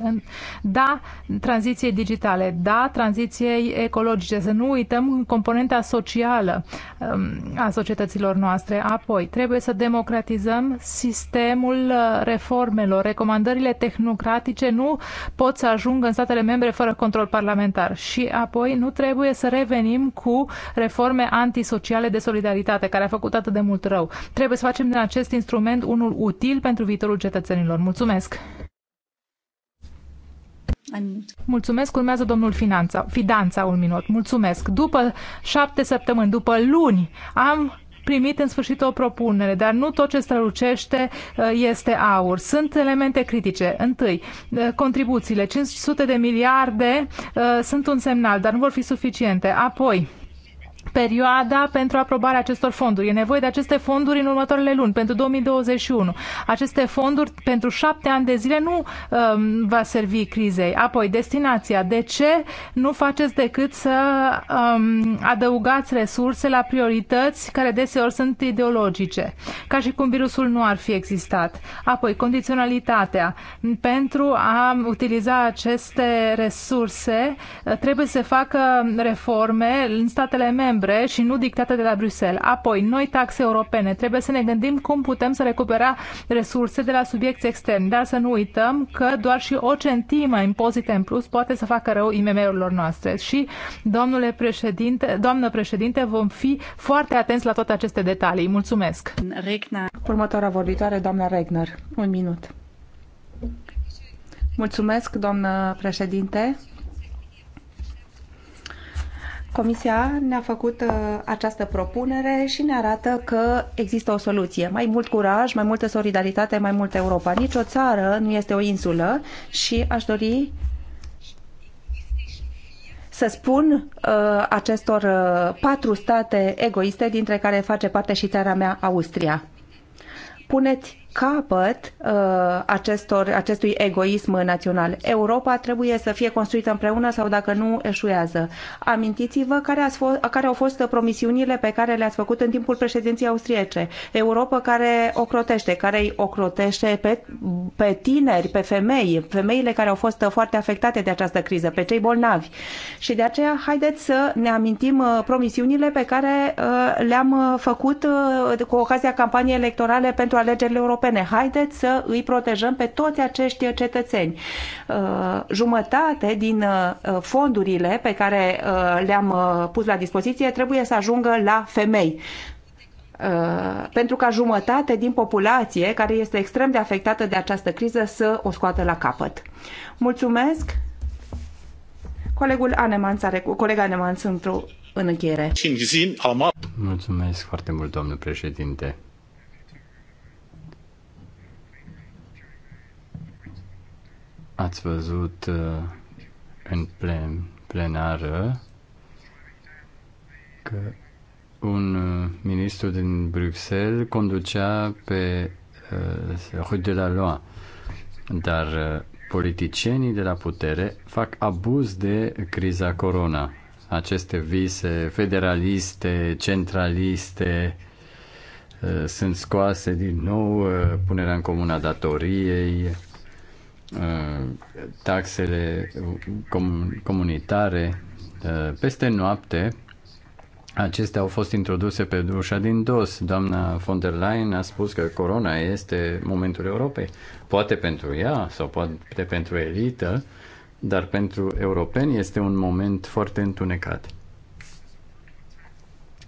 Da, tranziției digitale, da, tranziției ecologice, să nu uităm componenta socială um, a societăților noastre. Apoi, trebuie să democratizăm sistemul uh, reformelor. Recomandările tehnocratice nu pot să ajungă în statele membre fără control parlamentar. Și apoi, nu trebuie să revenim cu reforme antisociale de solidaritate, care a făcut atât de mult rău. Trebuie să facem din acest instrument instrument, unul util pentru viitorul cetățenilor. Mulțumesc! Mulțumesc, urmează domnul Finanța, Fidanța un minut. Mulțumesc. După șapte săptămâni, după luni, am primit în sfârșit o propunere, dar nu tot ce strălucește uh, este aur. Sunt elemente critice. Întâi, uh, contribuțiile, 500 de miliarde uh, sunt un semnal, dar nu vor fi suficiente. Apoi, perioada pentru aprobarea acestor fonduri. E nevoie de aceste fonduri în următoarele luni, pentru 2021. Aceste fonduri pentru șapte ani de zile nu um, va servi crizei. Apoi, destinația. De ce nu faceți decât să um, adăugați resurse la priorități care deseori sunt ideologice, ca și cum virusul nu ar fi existat? Apoi, condiționalitatea. Pentru a utiliza aceste resurse, trebuie să facă reforme în statele membre membre și nu dictate de la Bruxelles. Apoi, noi taxe europene. Trebuie să ne gândim cum putem să recupera resurse de la subiecte externi, dar să nu uităm că doar și o centimă impozite în plus poate să facă rău IMM-urilor noastre. Și, domnule președinte, doamnă președinte, vom fi foarte atenți la toate aceste detalii. Mulțumesc! Regner. Următoarea vorbitoare, doamna Regner. Un minut. Mulțumesc, doamnă președinte. Comisia ne-a făcut uh, această propunere și ne arată că există o soluție. Mai mult curaj, mai multă solidaritate, mai multă Europa. Nici o țară nu este o insulă și aș dori să spun uh, acestor uh, patru state egoiste, dintre care face parte și țara mea, Austria. Puneți capăt uh, acestor, acestui egoism național. Europa trebuie să fie construită împreună sau dacă nu, eșuează. Amintiți-vă care, ați fost, care au fost promisiunile pe care le-ați făcut în timpul președinției austriece. Europa care ocrotește, care îi ocrotește pe, pe tineri, pe femei, femeile care au fost foarte afectate de această criză, pe cei bolnavi. Și de aceea, haideți să ne amintim uh, promisiunile pe care uh, le-am uh, făcut uh, cu ocazia campaniei electorale pentru alegerile europene Europene. Haideți să îi protejăm pe toți acești cetățeni. Uh, jumătate din uh, fondurile pe care uh, le-am pus la dispoziție trebuie să ajungă la femei pentru ca jumătate din populație care este extrem de afectată de această criză să o scoată la capăt. Mulțumesc! Colegul Aneman, are, colega Aneman, sunt în încheiere. Mulțumesc foarte mult, domnul președinte. Ați văzut uh, în plen, plenară că un uh, ministru din Bruxelles conducea pe uh, Rue de la Loi, dar politicienii de la putere fac abuz de criza corona. Aceste vise federaliste, centraliste, sunt scoase din nou punerea în comună a datoriei, Uh, taxele comunitare. Uh, peste noapte, acestea au fost introduse pe ușa din dos. Doamna von der Leyen a spus că corona este momentul Europei. Poate pentru ea sau poate pentru elită, dar pentru europeni este un moment foarte întunecat.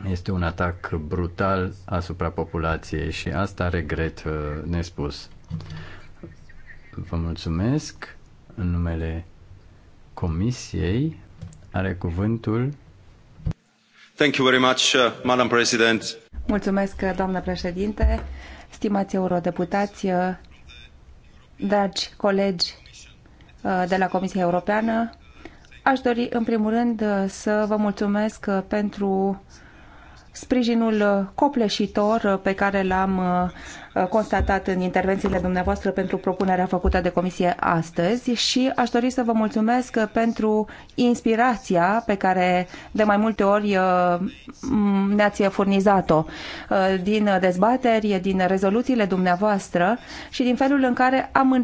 Este un atac brutal asupra populației și asta regret uh, nespus. Vă mulțumesc. În numele Comisiei are cuvântul. Thank you very much, uh, Madam President. Mulțumesc, doamnă președinte, stimați eurodeputați, uh, dragi colegi uh, de la Comisia Europeană. Aș dori, în primul rând, să vă mulțumesc pentru sprijinul copleșitor pe care l-am Uh, constatat în intervențiile dumneavoastră pentru propunerea făcută de comisie astăzi și aș dori să vă mulțumesc pentru inspirația pe care de mai multe ori uh, ne-ați furnizat-o uh, din dezbateri, din rezoluțiile dumneavoastră și din felul în care am,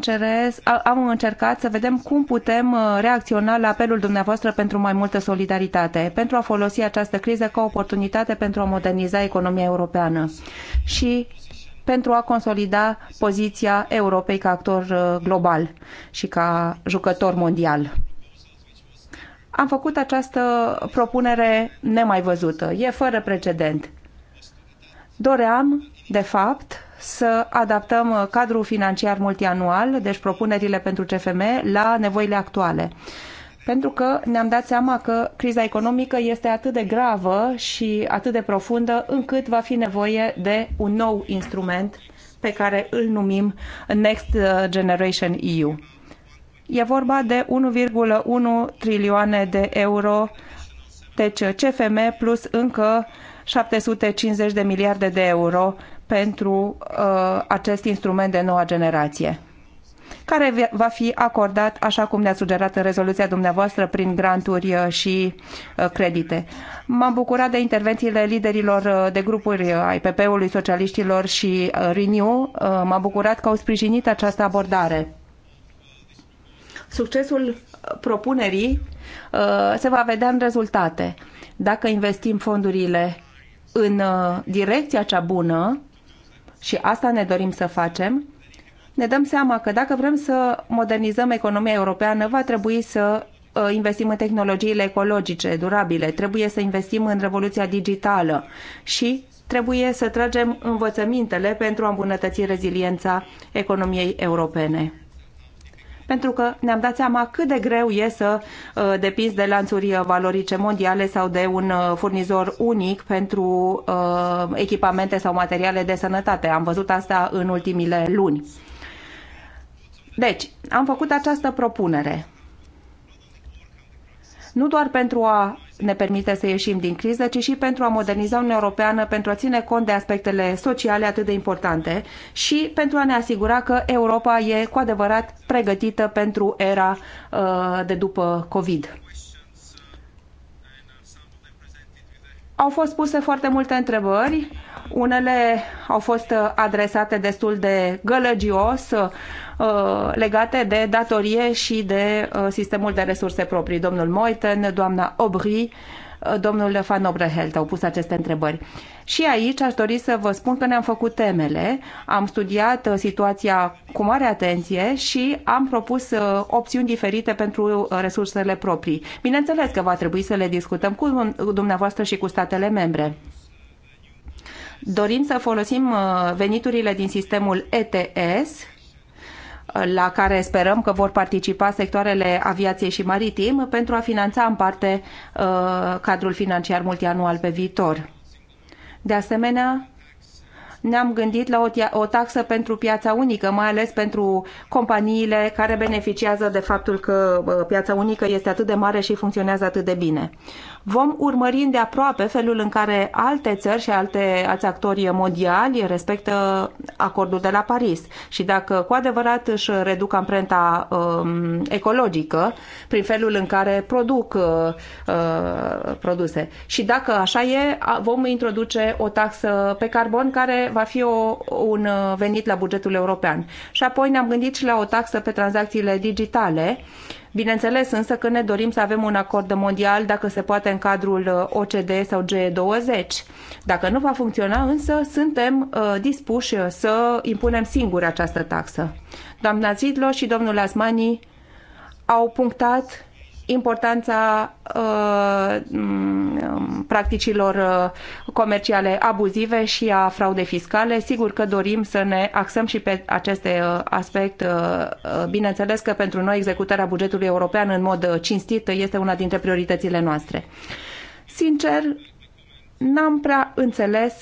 am încercat să vedem cum putem reacționa la apelul dumneavoastră pentru mai multă solidaritate, pentru a folosi această criză ca oportunitate pentru a moderniza economia europeană. Și pentru a consolida poziția Europei ca actor uh, global și ca jucător mondial. Am făcut această propunere nemai văzută. E fără precedent. Doream, de fapt, să adaptăm uh, cadrul financiar multianual, deci propunerile pentru CFM, la nevoile actuale. Uh, pentru că ne-am dat seama că criza economică este atât de gravă și atât de profundă încât va fi nevoie de un nou instrument pe care îl numim Next Generation EU. E vorba de 1,1 trilioane de euro, deci CFM plus încă 750 de miliarde de euro pentru uh, acest instrument de noua generație care va fi acordat, așa cum ne a sugerat în rezoluția dumneavoastră, prin granturi uh, și uh, credite. M-am bucurat de intervențiile liderilor uh, de grupuri ai PP-ului, socialiștilor și Renew. M-am bucurat că au sprijinit această abordare. Succesul propunerii se va vedea în rezultate. Dacă investim fondurile în direcția cea bună, și asta ne dorim să facem, ne dăm seama că dacă vrem să modernizăm economia europeană, va trebui să uh, investim în tehnologiile ecologice, durabile, trebuie să investim în revoluția digitală și trebuie să tragem învățămintele pentru a îmbunătăți reziliența economiei europene. Pentru că ne-am dat seama cât de greu e să uh, depinzi de lanțuri valorice mondiale sau de un uh, furnizor unic pentru echipamente sau materiale de sănătate. Am văzut asta în ultimile luni deci, am făcut această propunere nu doar pentru a ne permite să ieșim din criză, ci și pentru a moderniza Uniunea Europeană, pentru a ține cont de aspectele sociale atât de importante și pentru a ne asigura că Europa e cu adevărat pregătită pentru era uh, de după COVID. Au fost puse foarte multe întrebări, unele au fost adresate destul de gălăgios uh, legate de datorie și de uh, sistemul de resurse proprii. Domnul Moiten, doamna Obri, domnul Van Obrehelt au pus aceste întrebări. Și aici aș dori să vă spun că ne-am făcut temele, am studiat uh, situația cu mare atenție și am propus uh, opțiuni diferite pentru uh, resursele proprii. Bineînțeles că va trebui să le discutăm cu dumneavoastră și cu statele membre. Dorim să folosim veniturile din sistemul ETS la care sperăm că vor participa sectoarele aviației și maritim pentru a finanța în parte uh, cadrul financiar multianual pe viitor. De asemenea, ne-am gândit la o, taxă pentru piața unică, mai ales pentru companiile care beneficiază de faptul că uh, piața unică este atât de mare și funcționează atât de bine. Vom urmări de aproape felul în care alte țări și alte alți actori mondiali respectă acordul de la Paris și dacă cu adevărat își reduc amprenta um, ecologică prin felul în care produc uh, produse. Și dacă așa e, vom introduce o taxă pe carbon care va fi o, un venit la bugetul european. Și apoi ne-am gândit și la o taxă pe tranzacțiile digitale. Uh, Bineînțeles însă că ne dorim să avem un acord mondial, dacă se poate, în cadrul uh, OECD sau G20. Dacă nu va funcționa însă, suntem uh, dispuși să impunem singuri această taxă. Doamna Zidlo și domnul Asmani au punctat importanța uh, mm, practicilor uh, comerciale abuzive și a fraudei fiscale. Sigur că dorim să ne axăm și pe acest uh, aspect. Uh, bineînțeles că pentru noi executarea bugetului european în mod cinstit este una dintre prioritățile noastre. Sincer, n-am prea înțeles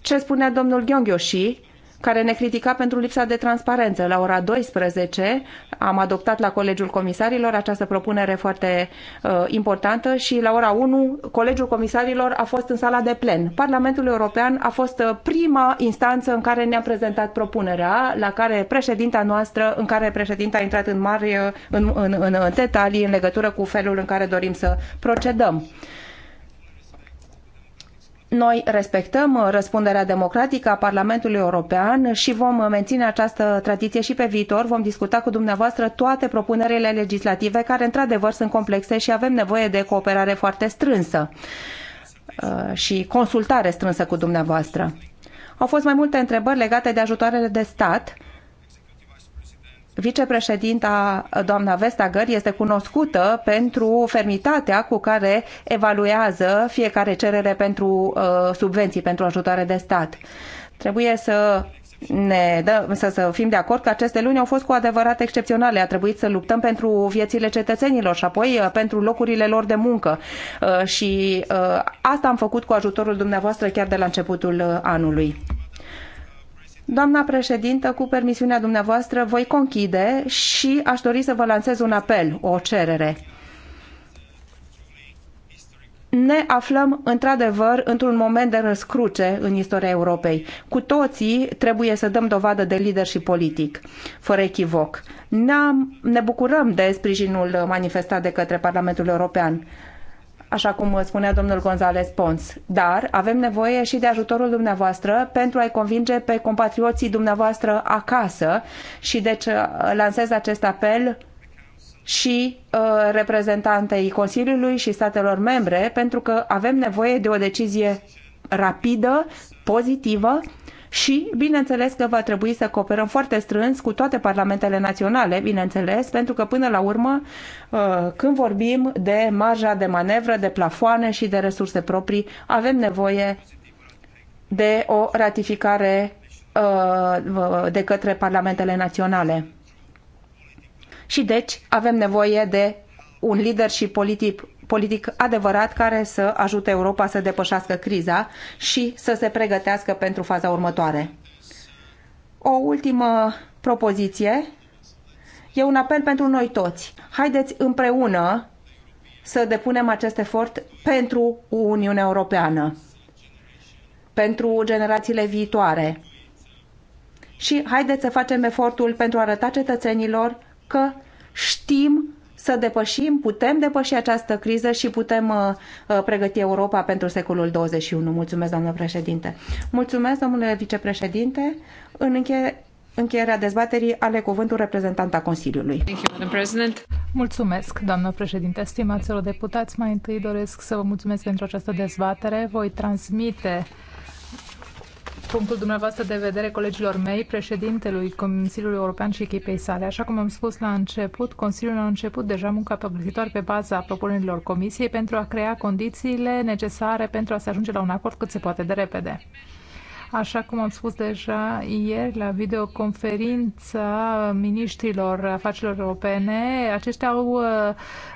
ce spunea domnul Gheongheoshi, care ne critica pentru lipsa de transparență. La ora 12 am adoptat la Colegiul Comisarilor această propunere foarte uh, importantă și la ora 1 Colegiul Comisarilor a fost în sala de plen. Parlamentul European a fost uh, prima instanță în care ne-a prezentat propunerea, la care președinta noastră, în care președinta a intrat în mari uh, în, în, în detalii în legătură cu felul în care dorim să procedăm. Noi respectăm uh, răspunderea democratică a Parlamentului European și vom uh, menține această tradiție și pe viitor. Vom discuta cu dumneavoastră toate propunerile legislative care, într-adevăr, sunt complexe și avem nevoie de cooperare foarte strânsă uh, și consultare strânsă cu dumneavoastră. Au fost mai multe întrebări legate de ajutoarele de stat Vicepreședinta doamna Vestager este cunoscută pentru fermitatea cu care evaluează fiecare cerere pentru uh, subvenții, pentru ajutoare de stat. Trebuie să ne dă, să, să fim de acord că aceste luni au fost cu adevărat excepționale. A trebuit să luptăm pentru viețile cetățenilor și apoi uh, pentru locurile lor de muncă. Uh, și uh, asta am făcut cu ajutorul dumneavoastră chiar de la începutul anului. Doamna președintă, cu permisiunea dumneavoastră, voi conchide și aș dori să vă lansez un apel, o cerere ne aflăm într-adevăr într-un moment de răscruce în istoria Europei. Cu toții trebuie să dăm dovadă de lider și politic, fără echivoc. Ne, ne bucurăm de sprijinul manifestat de către Parlamentul European așa cum spunea domnul González Pons. Dar avem nevoie și de ajutorul dumneavoastră pentru a-i convinge pe compatrioții dumneavoastră acasă și deci lansez acest apel și uh, reprezentantei Consiliului și statelor membre, pentru că avem nevoie de o decizie rapidă, pozitivă, și, bineînțeles, că va trebui să cooperăm foarte strâns cu toate parlamentele naționale, bineînțeles, pentru că, până la urmă, uh, când vorbim de marja de manevră, de plafoane și de resurse proprii, avem nevoie de o ratificare uh, uh, de către parlamentele naționale. Și deci avem nevoie de un leadership politic, politic adevărat care să ajute Europa să depășească criza și să se pregătească pentru faza următoare. O ultimă propoziție e un apel pentru noi toți. Haideți împreună să depunem acest efort pentru Uniunea Europeană, pentru generațiile viitoare. Și haideți să facem efortul pentru a arăta cetățenilor că știm să depășim, putem depăși această criză și putem uh, uh, pregăti Europa pentru secolul 21. Mulțumesc, doamnă președinte. Mulțumesc, domnule vicepreședinte. În încheie încheierea dezbaterii ale cuvântul reprezentanta Consiliului. Mulțumesc, doamnă președinte. Stimați deputați, mai întâi doresc să vă mulțumesc pentru această dezbatere. Voi transmite punctul dumneavoastră de vedere colegilor mei, președintelui Consiliului European și echipei sale. Așa cum am spus la început, Consiliul a început deja munca pregătitoare pe baza propunerilor Comisiei pentru a crea condițiile necesare pentru a se ajunge la un acord cât se poate de repede. Așa cum am spus deja ieri la videoconferința ministrilor afacerilor europene, aceștia au uh,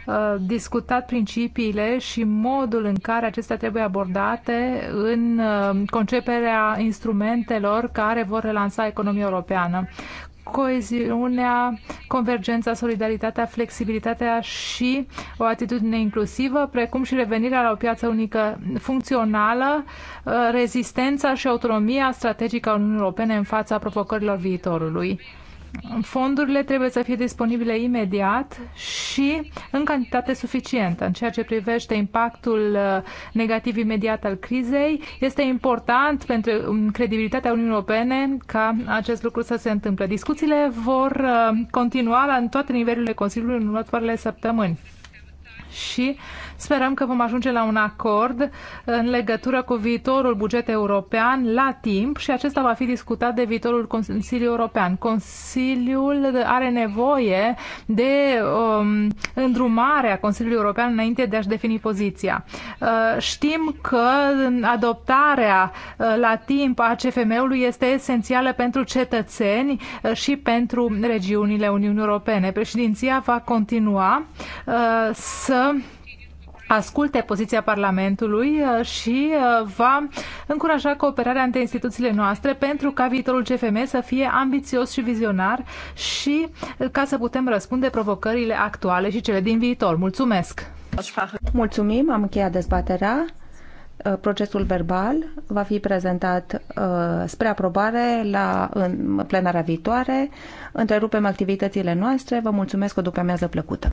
uh, discutat principiile și modul în care acestea trebuie abordate în uh, conceperea instrumentelor care vor relansa economia europeană coeziunea, convergența, solidaritatea, flexibilitatea și o atitudine inclusivă, precum și revenirea la o piață unică funcțională, uh, rezistența și autonomia strategică a Uniunii Europene în fața provocărilor viitorului fondurile trebuie să fie disponibile imediat și în cantitate suficientă. În ceea ce privește impactul uh, negativ imediat al crizei, este important pentru um, credibilitatea Uniunii Europene ca acest lucru să se întâmple. Discuțiile vor uh, continua la toate nivelurile Consiliului în următoarele săptămâni. Și uh, Sperăm că vom ajunge la un acord uh, în legătură cu viitorul buget european la timp și acesta va fi discutat de viitorul Consiliu European. Consiliul are nevoie de um, îndrumarea Consiliului European înainte de a-și defini poziția. Uh, știm că adoptarea uh, la timp a CFM-ului este esențială pentru cetățeni uh, și pentru regiunile Uniunii Europene. Președinția va continua uh, să asculte poziția Parlamentului uh, și uh, va încuraja cooperarea între instituțiile noastre pentru ca viitorul CFM să fie ambițios și vizionar și uh, ca să putem răspunde provocările actuale și cele din viitor. Mulțumesc! Mulțumim, am încheiat dezbaterea. Procesul verbal va fi prezentat uh, spre aprobare la în plenarea viitoare. Întrerupem activitățile noastre. Vă mulțumesc o după amiază plăcută.